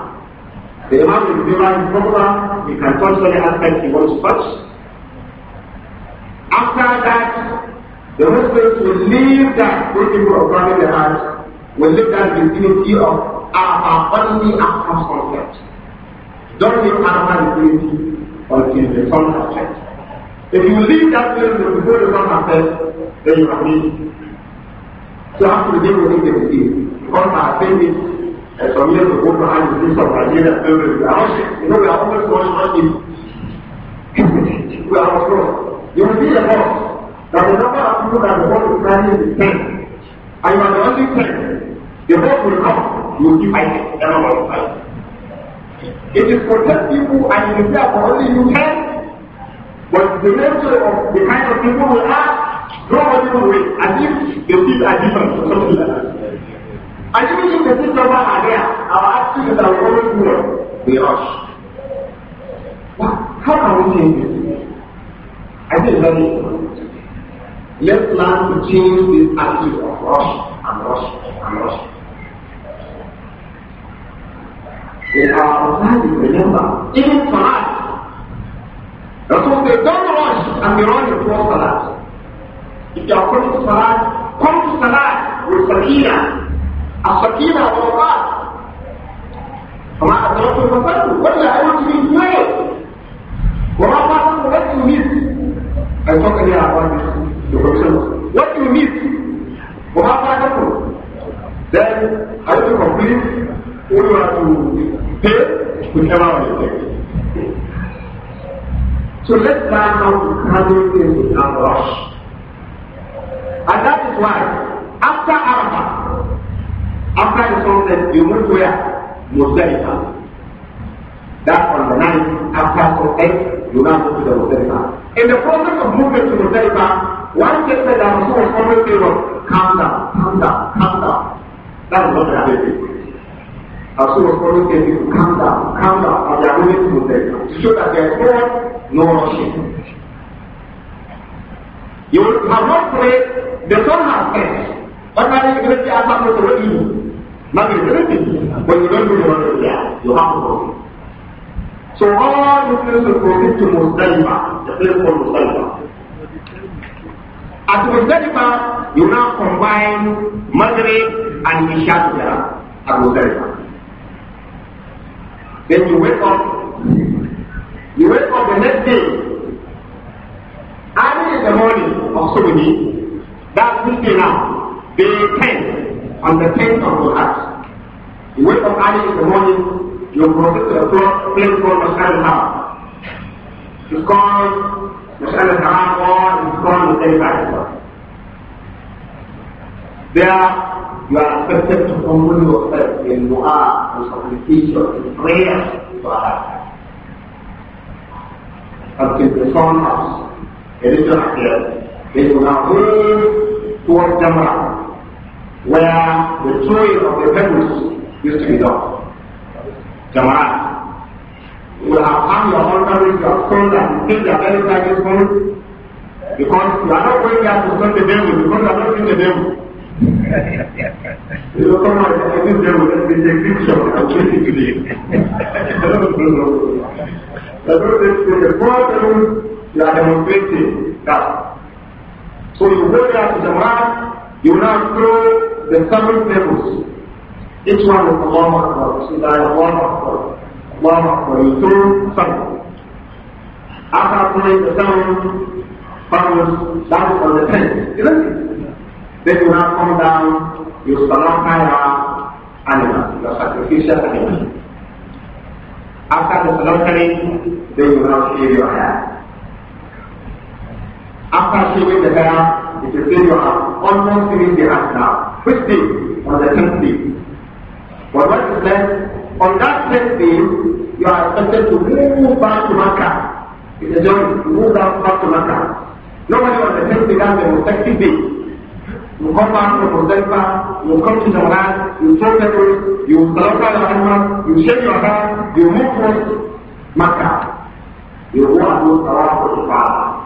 The Imam is divine proper, he can touch any aspect he wants to After that, the Muslims will leave that, those people of God in the heart, will leave that vicinity of our only outcome concept. Don't leave our vicinity until the sun has set. If you leave that place before the sun has set, then you are me. So I have to deal with it because I have seen família procura uma rádio de família, eu acho que não é algo que nós fazemos. Tipo, é algo pronto. E um dia, bom, na verdade, para tudo, na verdade, o cara não tem. Aí, mas nós não tem. Eu vou por lá, e o que vai ter, ela não vai. It is protect people and you care for only you can. But the nature of the kind of people we are, nobody will wait. And if the people are different, something like that. I didn't think the people are there are asking that are here. rush. How can we change is Let's learn to change this attitude of rush and rush and rush. In our society, remember, even for us, Rasul they don't rush and be running before Salah, If you are coming to Salat, come to Salat with Salah. السكينة والوقار وما أدركتم فصلوا ولا علمتم به سمعوا وما فاتكم لا تلميذ أيضاً يا أخواني What you miss وما فاتكم then how to complete all you have to pay whichever way you take. So let's learn how to handle things without rush. And that is why after Arafah After the sunset, you move where? Muzdalifah. That's on the night. After sunset, you now go to the Muzdalifah. In the process of moving to Muzdalifah, one gets that Rasul was always saying, calm down, calm down, calm down. That is not an ability. Rasul was always saying people, calm down, calm down, and they are moving to Muzdalifah. To show that there is no, no rushing. You have not played the sun has set. Ordinarily, you will say, I'm not going to do Nothing is anything. When you don't do the you have to profit. So all Muslims will proceed to Muslima. the place called Muslima. At Muslima, you now combine Maghrib and Isha together at Muslima. Then you wake up, you wake up the next day, early in the morning of Sunday, that's Tuesday now, day 10 on the 10th of Dhul-Hajj. You wake up early in the morning, you go to the place called Masjid al-Haram. It's called Masal al-Haram or it's called Muzdalifah there you are expected to humble yourself in dua, in supplication, in prayer to Allah. Until the sun comes, the little appears, they will now move towards Jamrah. where the throwing of the pebbles used to be done. Jama'at. You will have found your honoring, your soul, and take their very practice for it. Because you are not going there to stone the devil, because you are not seeing the devil. you don't come out and see the devil, then it's a picture of chasing you there. That's what they say. The poor devil, you are demonstrating that. So you go there to Jamaat. You will now throw the seven pebbles. Each one with Allah Akbar. Bismillah, Allah Akbar. Allah Akbar. You throw seven. After throwing the seven pebbles, that is on the tent. is isn't it? Then you now come down, you salam kaira animal, your sacrificial animal. After the salam kaira, then you now shave your hair. After shaving the hair, it will fill your heart, almost filling the heart now. Which day? On the tenth day. But what is left? On that tenth day, you are expected to move back to Makkah. It's a journey. to move down back to Makkah. Nobody on the tenth day has a respective day. You come back from Muzdalifah, you come to the land, you throw the food, you slaughter the animal, you shave your hair, you move towards Makkah. You go and do Tawaf for the Father.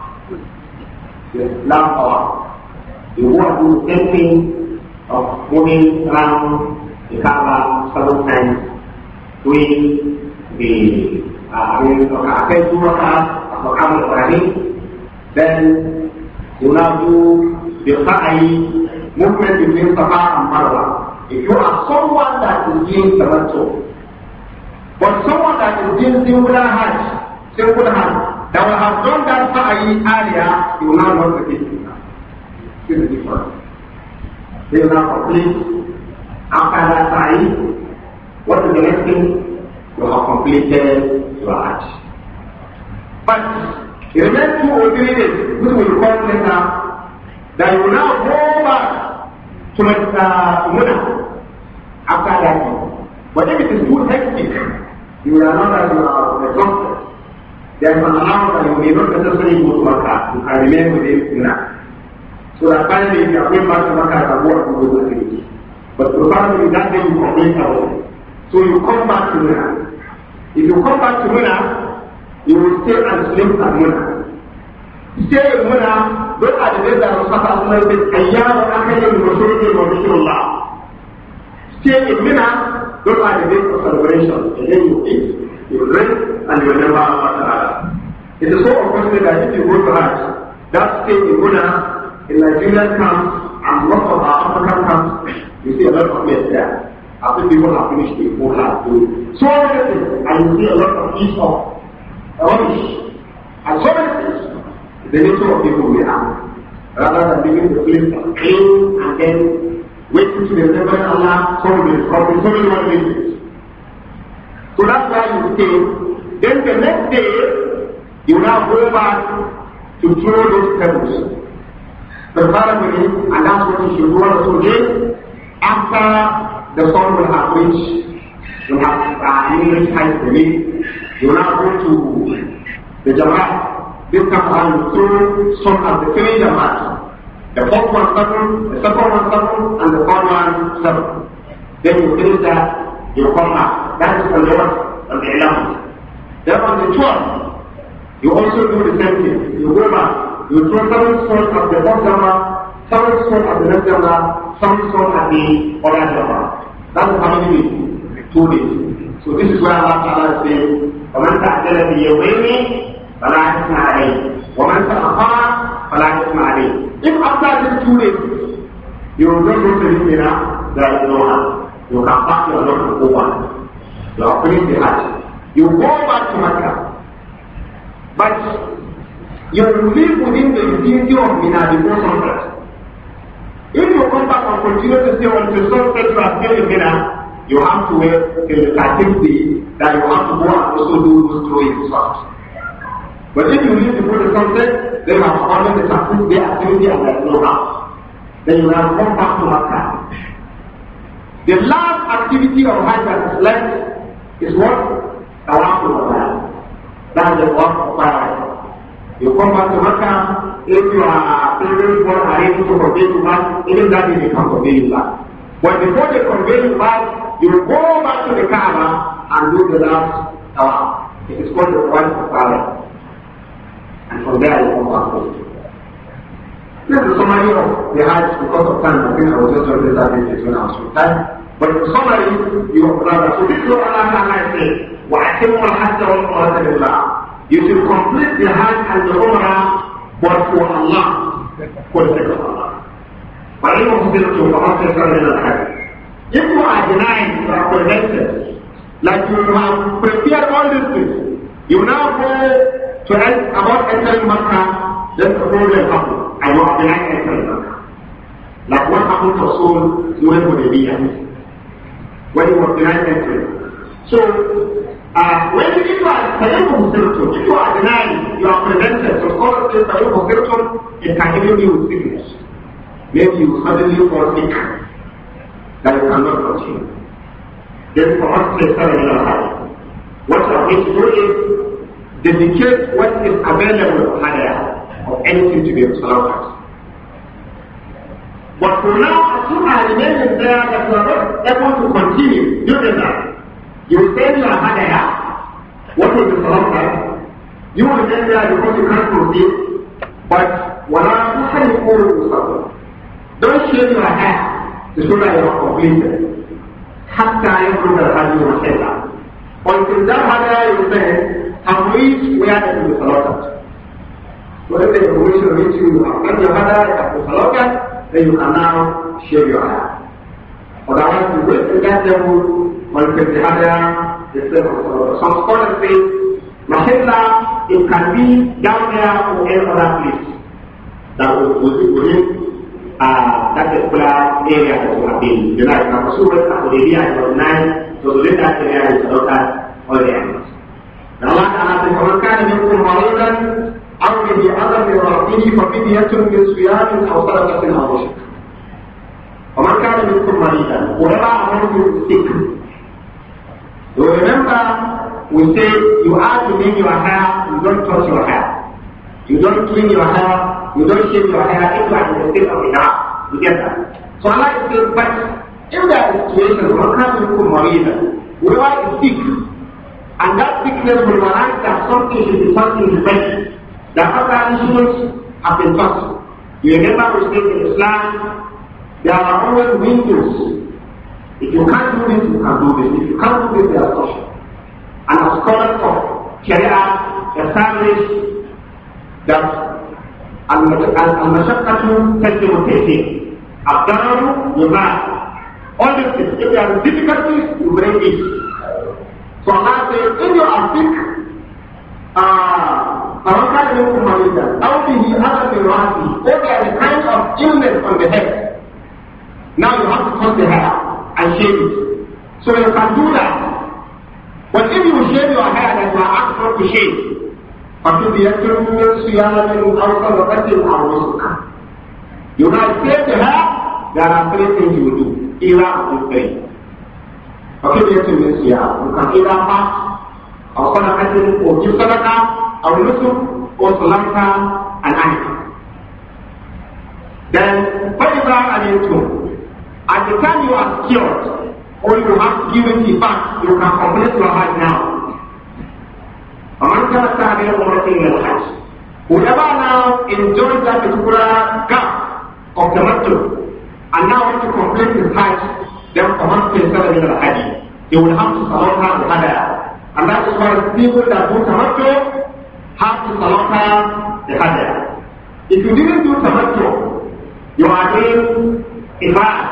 Yes, love Allah. You won't do thinking of moving around the Kaaba seven times, doing the Amin uh, Rakaat, two atau Amin Ibrahim. Then you now do the Sa'i movement between Safa and Marwa. If you are someone that is doing Tamattu, but someone that is doing singular Hajj, singular Hajj, that will have done that Sa'i earlier, you will now not repeat it. to the deferred. They will now complete. After that time, what is the next thing? You have completed your But in the next two or will come later, that you will now go back to Mecca, to Muna, after that But if it is too hectic, you will know that you are exhausted. There is an allowance that you may not necessarily go to Mecca. You can remain within Muna. Sura Bani ne akwai masu maka rabuwar kuma zuwa gare shi. But Sura Bani ne that day you complain about it. So you come back to Mina. If you come back to Mina, you will stay and sleep at Mina. Stay in Mina, those are the days that Rasulullah Allah said, Ayyam Akhirin Rasulullah wa Rasulullah. Stay in Mina, those are the days of celebration. And then you eat, you drink, and you remember Allah Ta'ala. It is so unfortunate that if you go to Hajj, that stay in Mina in Nigerian camps and lots of our African camps, you see a lot of mess there. After people have finished the whole life doing so many things, and you see a lot of ease of uh, rubbish. And so many things, the nature of people we are. Rather than leaving the place clean and then waiting to the remembrance Allah, so many problems, so many things. So that's why you stay. Then the next day, you now go back to throw those pebbles. The problem and that's what you should do on to after the sun will have reached, you have uh, reached height the lake, you will now go to the Jamaat. This time around you throw some of the three Jamaat. The first one seven, the second one seven, and the third one seven. Then you finish that, you come back. That is on the work of the eleventh. Then on the twelfth, you also do the same thing. You go back. You throw some stones at the first Jama, some stones at the next Jama, some stones at the orange Jama. That is how many days? Two days. So this is where Allah Ta'ala says, وَمَنْ تَعْجَلَ بِيَوْمَيْنِ فَلَا إِثْمَ عَلَيْهِ وَمَنْ تَأْخَرَ فَلَا إِثْمَ عَلَيْهِ If after these two days, you will not go to this dinner, there is no harm. You can pass your lot to go You are finished the Hajj. You go back to Makkah. But you will live within the infinity of Mina before sunset. If you come back and continue to stay until sunset you are still in you have to wait till the 13th that you have to go and also do those two in But if you leave before the sunset, then you have only the 13th day activity and there is no house. Then you have come back to Makkah. The last activity of Hajj that is left is what? Tawaf al That is the work of paradise. ìkọ́ba tó bá ká ètò àpẹẹrẹ ìwọ ààrẹ tuntun kọ̀ọ̀bẹ ìwà ilé ìdájọ́ nìkan kọ̀ọ̀bẹ ìwà. When the body convey you back, you go back to the Kaaba and do the last Tawaf. It is called the one Kaaba. And from there you come back home. This is the summary of the Hajj because of time. I think I was just already starting this when I was with time. But in summary, you rather. So this is what Allah Ta'ala is saying. وَأَتِمُّ الْحَجَّ وَالْمُعَادَ لِلَّهِ You should complete the Hajj and the Umrah, but for Allah, for the sake of Allah. But I don't consider to Allah to in the Hajj. If you are denying, you are prevented. Like you have prepared all these things, you now go to ask about entering Makkah, then the problem happens, and you are denying entering Makkah. Like what happened to Saul during Hudaybiyah, when he was denying entering. So, uh, when you get to Sayyidu Musirtun, if you are denying, you are prevented. So scholars say Sayyidu Musirtun, it can even be with sickness. Maybe you suddenly fall sick, that you cannot continue. Then for us to say in our life, what you are to do is dedicate what is available higher of anything to be observed. But for now, as soon as remain there that you are not able to continue, during that. you send your hadaya, what will be corrupted? You will get there because you can't proceed, but وَلَا تُحَرِّكُوا رُؤُوسَكُمْ Don't shave your hair so that you are completed. حتى يخرج الهدي وحيدا. Until that hadaya you send and reach where it will be corrupted. So if the information reach you, you have done your hadaya, it has been corrupted, then you can now shave your hair. Otherwise, you wait to that level mungkin ada some sort of thing. Mashallah, it can be down there or any other place that will within uh, that particular area that you have been. You know, like Surah Al-Hudaybiyah is 9, so within that area is allotted all the animals. And Allah Ta'ala says, وَمَنْ كَانَ مِنْكُمْ مَرِيضًا أَوْ بِهِ أَذًى مِنْ رَأْسِهِ فَفِدْيَةٌ مِنْ صِيَامٍ So remember, we say you have to make your hair, you don't touch your hair. You don't clean your hair, you don't shave your hair if you are in the state of Iraq. You get that? So Allah is saying, but in that situation, one can you put Marina, whoever is sick, and that sickness will realize that something should be something is better. The other issues have been touched. You remember we said in Islam, there are always windows if you can't do this, you can do this. If you can't do this, there are options. And as scholars of Sharia established that al-mashaqqatu tasiru tasir. Abdaru yubah. All these things, if there are difficulties, you bring it. So Allah says, if you are sick, فَرَكَانِ مِنْكُمْ مَرِيدًا أَوْ بِهِ أَذًى مِنْ رَأْسِهِ Or there is a kind of illness on the head. Now you have to cut the hair الشيء سيقدون والإبل الشيء ما وأخطر شيء ففدية من صيام أو صدقة أو نسك يناسبها dalam perintah wudhu ila utai. Oke dia tulis ya bukan ila apa? Aku nak kasih wajib sedekah, aku nusuk, aku selangkah, anak. Dan pada saat itu At the time you are cured, or you have given it back, you can complete your Hajj now. ومن كانت هذه مرتين الحج whoever now enjoys that particular gap of the matter and now want to complete his hajj then perhaps he is not the hajj he will have to slaughter the hadaya and that is why people that do tamattu have to slaughter the hadaya if you didn't do tamattu you are doing bad.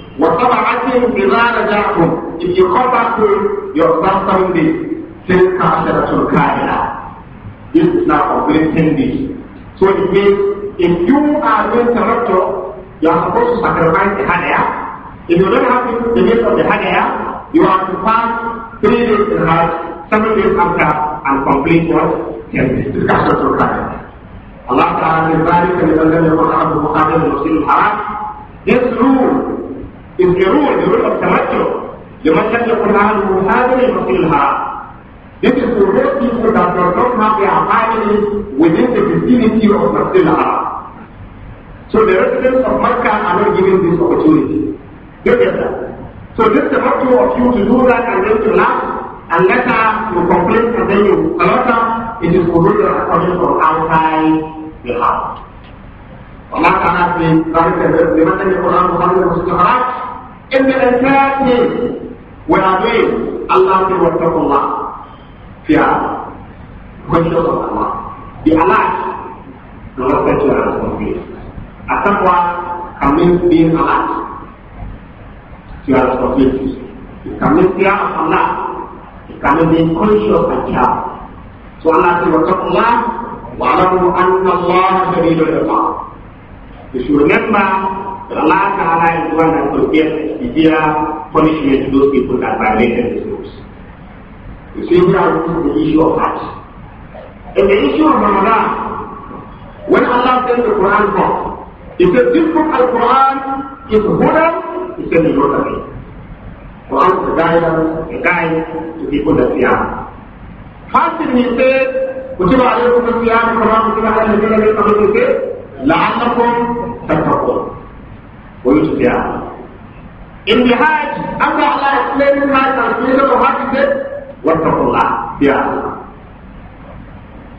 وطبعتهم إذا رجعتم if you come back to your last seven days تلك to كاملة this is now complete ten days so it means if you are going to rapture you are supposed to sacrifice the hadaya if you don't have the gift of the hadaya you are to fast three days in Hajj seven days after and complete what ten days تلك عشرة كاملة الله تعالى من ذلك لمن لم the عبد محمد المسلم الحرام This rule is the rule, the rule of tamattu. لمن لم يكن عنه هذا يطيلها. This is to those people that does not have their family within the vicinity of Masjidha. So the residents of Mecca are not given this opportunity. Do You get that? So this is not of you to do that and then to laugh and let later to complain to and then you allow It is forbidden according from outside high house. Maka hati lagi terus di mana yang orang bukan yang bersyukur. Ini terjadi. Wahai Allah Tuhan Allah. Fiya. Kau Allah. Di Allah. Nomor kecuali seperti ini. kami di Allah. Jelas seperti Kami tiada Allah. Kami di kunci saja. Soalnya Tuhan Allah. Walau anna Allah jadi lelaki. You should remember that Allah Ta'ala is the one that prepares severe punishment to those people that violated the issue of heart. And the issue of when Allah sent the Quran from, He said, quran is Huda, He said, the Quran is a guidance, a guide to people that fear. Fasting, He said, كتب عليكم الصيام كما كتب على الذين من لعلكم تتقون ويوسف يعلم In the Hajj, after Allah explains Hajj and creation of Hajj, he said, وَاتَّقُوا يا Allah.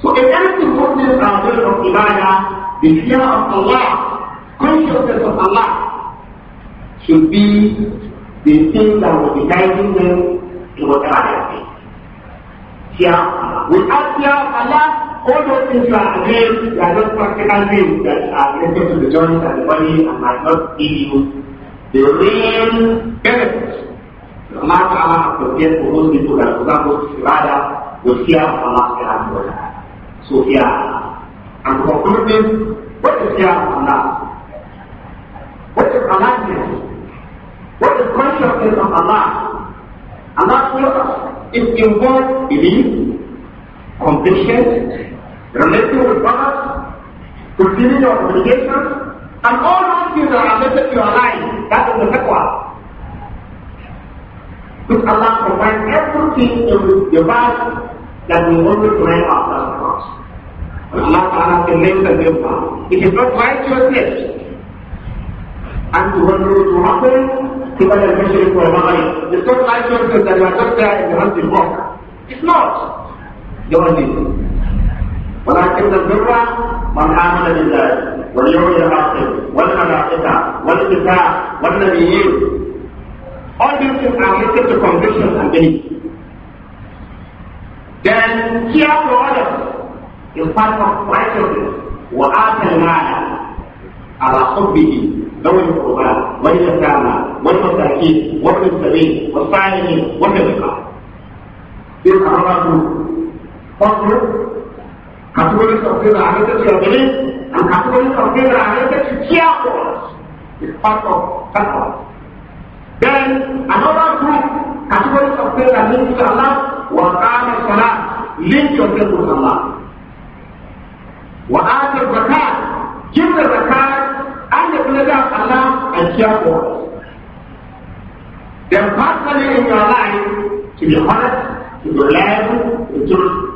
So if anything Muslims are doing of Ibadah, the fear of Allah, consciousness of Allah, should be the thing that will be guiding them to whatever they are doing. Fear of Allah. Without fear of Allah, All those things you are again, they are not practical things that are uh, related to the joints and the body and might not give you the real benefits. Allah Ta'ala has prepared for those people that example rather the fear of Allah Subhanahu wa So fear And for conclude what is fear of Allah? What is Allah's what is consciousness of Allah? Allah to us is involved belief, completion, relating with brothers, fulfilling your obligations, and all those things that are related to your life. That is the taqwa. Because Allah provides everything in the verse that we want to deny ourselves from. Allah Ta'ala can make the taqwa. It is not righteousness. And to one rule to happen, to by the mission for a It's not righteousness that you are just there and you have to walk. It's not. يوم ولكن البر من آمن بالله واليوم الآخر والملائكة والكتاب والنبيين All these things are related to conviction and belief. Then care to others is part of righteousness. وآت المال على حبه ذوي القربى واليتامى والمساكين وابن السبيل والصائمين والرزق. These are all categories of these relatives you are giving and categories of these relatives you care for. It's part of taqwa. Then another group, categories of things that link to Allah, Allah. Give the zakat and the of Allah and in your life, to be honest, to be reliable, to be truthful,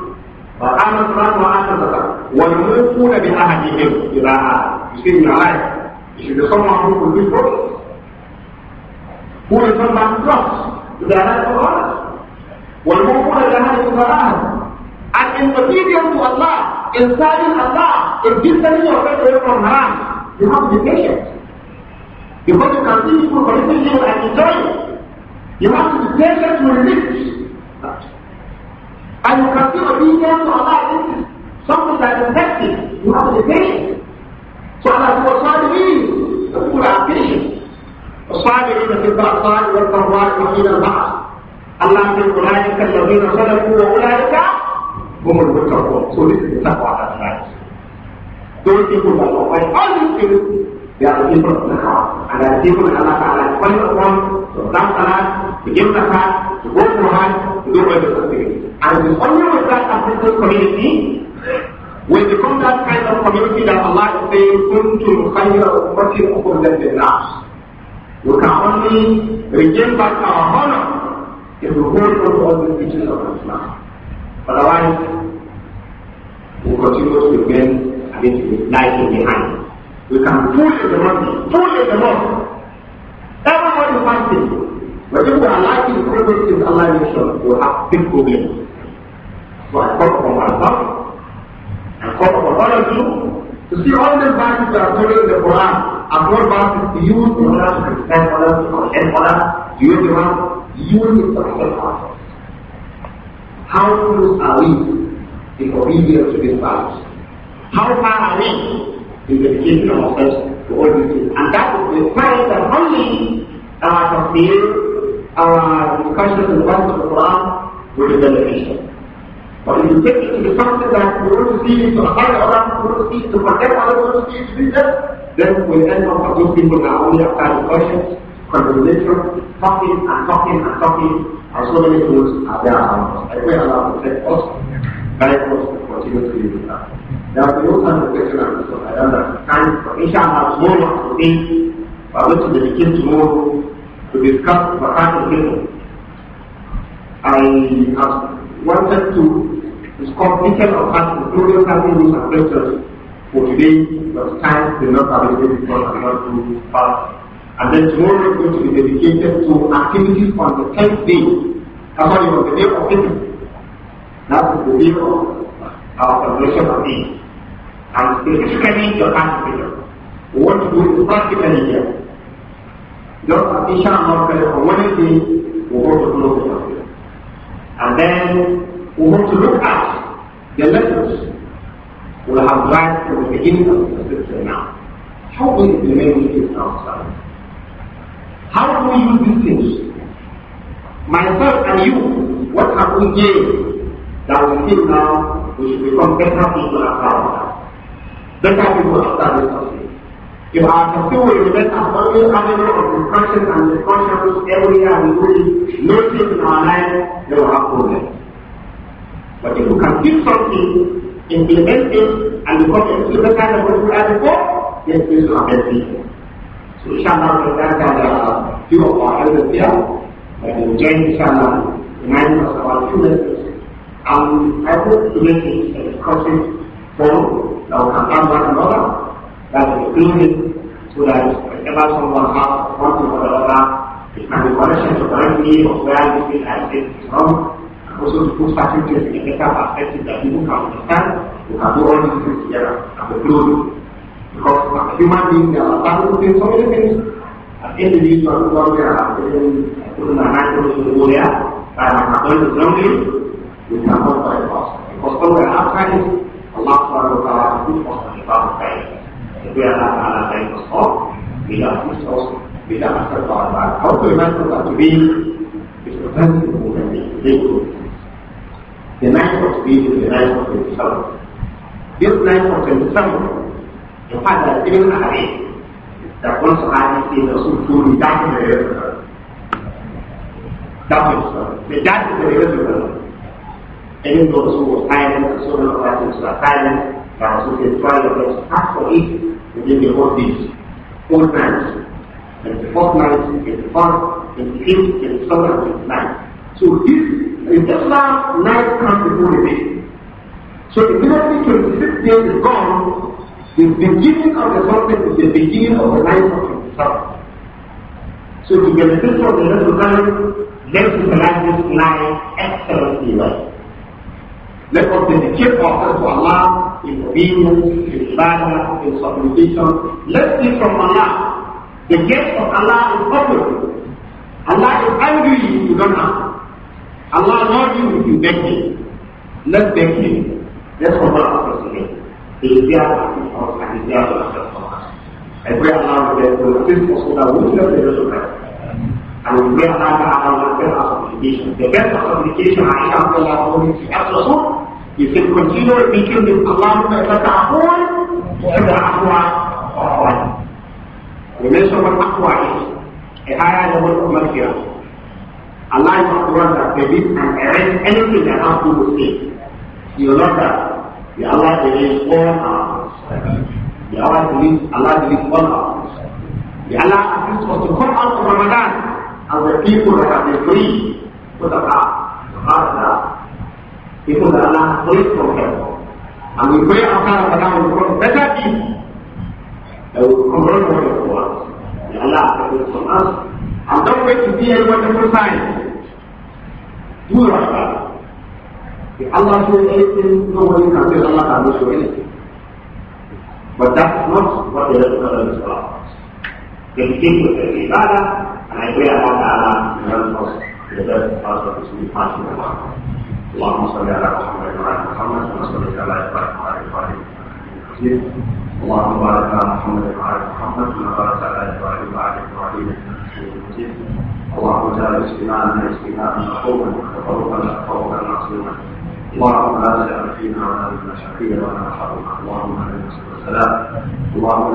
فقام القرآن وآتى الزكاة والموفون بعهدهم إذا عاد يصير من عليه يصير يسمى حروف الوفر هو يسمى النص إذا عاد القرآن والموفون بعهدهم إذا عاد and in obedience to Allah, in serving Allah, in distancing yourself away from haram, you have to be patient. Because you can see people committing evil and enjoy it. You have to be patient to resist. And you can to be there to Allah. This is something that is effective. You have to be patient. So Allah you, the يقول are patient. الصابرين في البأساء والضراء وحين البعث. الله يقول أولئك الذين صدقوا وأولئك هم المتقون. So this is the taqwa that's right. Those people that are all these things, they are the people of the heart. And they people that Allah Ta'ala is calling upon to plant salat, to give hand to go to Hajj, to do all those things. And only with that assistance community will become that kind of community that Allah is saying, Kuntum khayra ummatin ukhrijat in nas We can only regain back our honor if we hold on to all the teachings of Islam. Otherwise, we continue to remain, I mean, lagging behind. We can push the money, push the money, Everybody wants it. But if we are lacking in Allah nation, you have big problems. So I call upon myself, I call upon all of you to see all the verses that are following the Quran and what verses to use in order to understand others, to comprehend others, to use the one, use it to help ourselves. How close are we in obedience to these verses? How far are we in kingdom of ourselves to all these And that require the only our uh, tafsir, our uh, discussions in the verses of the Quran will be beneficial. But if you take it to be something that we want to see to hide others, we want to see to forget others, we want to see to business, then we end up with those people that only after discussions, conversation, talking and talking and talking, and so many tools are there around us. I pray Allah to protect us, guide us, and continue to live with us za ku yi kan da suna musu a ranar kan fa insha Allah su mu a gobe ba mutu da jikin su mu to discuss bakatun himu I have wanted to discuss detail of that including certain rules and questions for today but time is not available because I want to fast and then tomorrow is going to be dedicated to activities on the 10th day. That's on the day of Easter. That is the day of our celebration of Eid and specifically your application. What to do practically here. Your application and not on Wednesday, we want to close the topic. And then we want to look at the lessons we have learned from the beginning of the scripture now. How we implement these things ourselves. How do we use these things? Myself and you, what have we gained that we feel now we should become better people ourselves? That's how people understand If our consumer is left only of depression and discussions everywhere we do no change in our life, there will have problems. But if we can give something, implement it, and become a kind of we before, then this will affect people. So inshallah, we can that a few of our elders here, but in Jain, inshallah, remind us of our lessons. And I hope to make it a discussion forum. لو حكمنا الوضع لكن يقيم ولا كما صلى الله عليه وسلم وضع Nah, pada saya sekarang ini program di Asia Islam khusus pusat kerja kita pakai tidak dibuka bukan bukan turun di sejarah atau dulu kalau maksimal di dalam tahun itu soalnya ini artinya jadi suatu keluarga jadi turunan terus mulia karena kabel itu belum di bisa memperoleh kos kos itu nggak apa Allah Subhanahu wa taala itu pakai jadi anak-anak lain besok bila musuh bila masuk ke alam kau tu memang sudah jadi disebutkan kemudian itu the night of the the night of the sun this night of the sun yang pada ini hari dan pun sehari ini Rasul tidak berada dapat tidak berada then those who were silent, the Sunnah of Muslims a silent, that was a trial against half for it within the whole beach. Four nights. And the fourth night, and the fourth, and the fifth, and the seventh, and the ninth. So this, in last night comes before the day. So immediately 26 days is gone, the beginning of the sunset is the beginning of the night of 27. So the benefit of the rest of the time, let us realize this night excellently well. Let us dedicate ourselves to Allah in obedience, in ibadah, in supplication. Let's seek from Allah. The gate of Allah is open. Allah is angry if you don't ask. Allah knows you if you beg Him. Let's beg Him. Let's humble ourselves to Him. He is there for us and He is there for us. I pray Allah will us so that we او the best association عايشه عبد الله you can continue making this اللهم انك عفو وانت عفو عفو ومنشر من اقوى عليه الآية لهم الأمة فيها الله is not the one that believes and arranges anything that has to do with faith. You know that the Allah believes all our The Allah believes, Allah believes all our The Allah assists us to come out of Ramadan and the people that have been free to the path, subhanAllah. People that are not free from hell. And we pray Allah Ta'ala will come better people that we convert them to us. May Allah protect from us. And don't wait to see any wonderful signs. Do Rahman. If Allah says, anything, nobody can say Allah can anything. But that's not what the Rasulullah is about. They begin with are." Nah itu yang Allah Ta'ala dalam proses Jadi salah satu sini masih Allahumma salli ala Muhammad wa ala Muhammad wa salli ala Ibrahim wa ala Allahumma barik ala Muhammad wa ala Muhammad wa barik ala Ibrahim wa ala Ibrahim اللهم اجعل اجتماعنا اجتماعا مقبولا وطرقا طرقا معصوما اللهم لا تجعل فينا ولا من شقيا ولا حرما اللهم لا Allahumma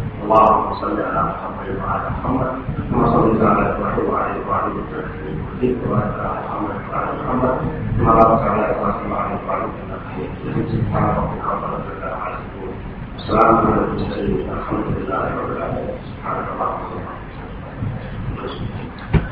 اللهم صل على محمد وعلى محمد كما صليت على ابراهيم وعلى ابراهيم انك حميد مجيد وبارك على محمد وعلى محمد كما على ابراهيم وعلى ابراهيم انك حميد مجيد سبحان ربك رب العزه والسلام على المرسلين الحمد لله رب العالمين سبحانك اللهم وبحمدك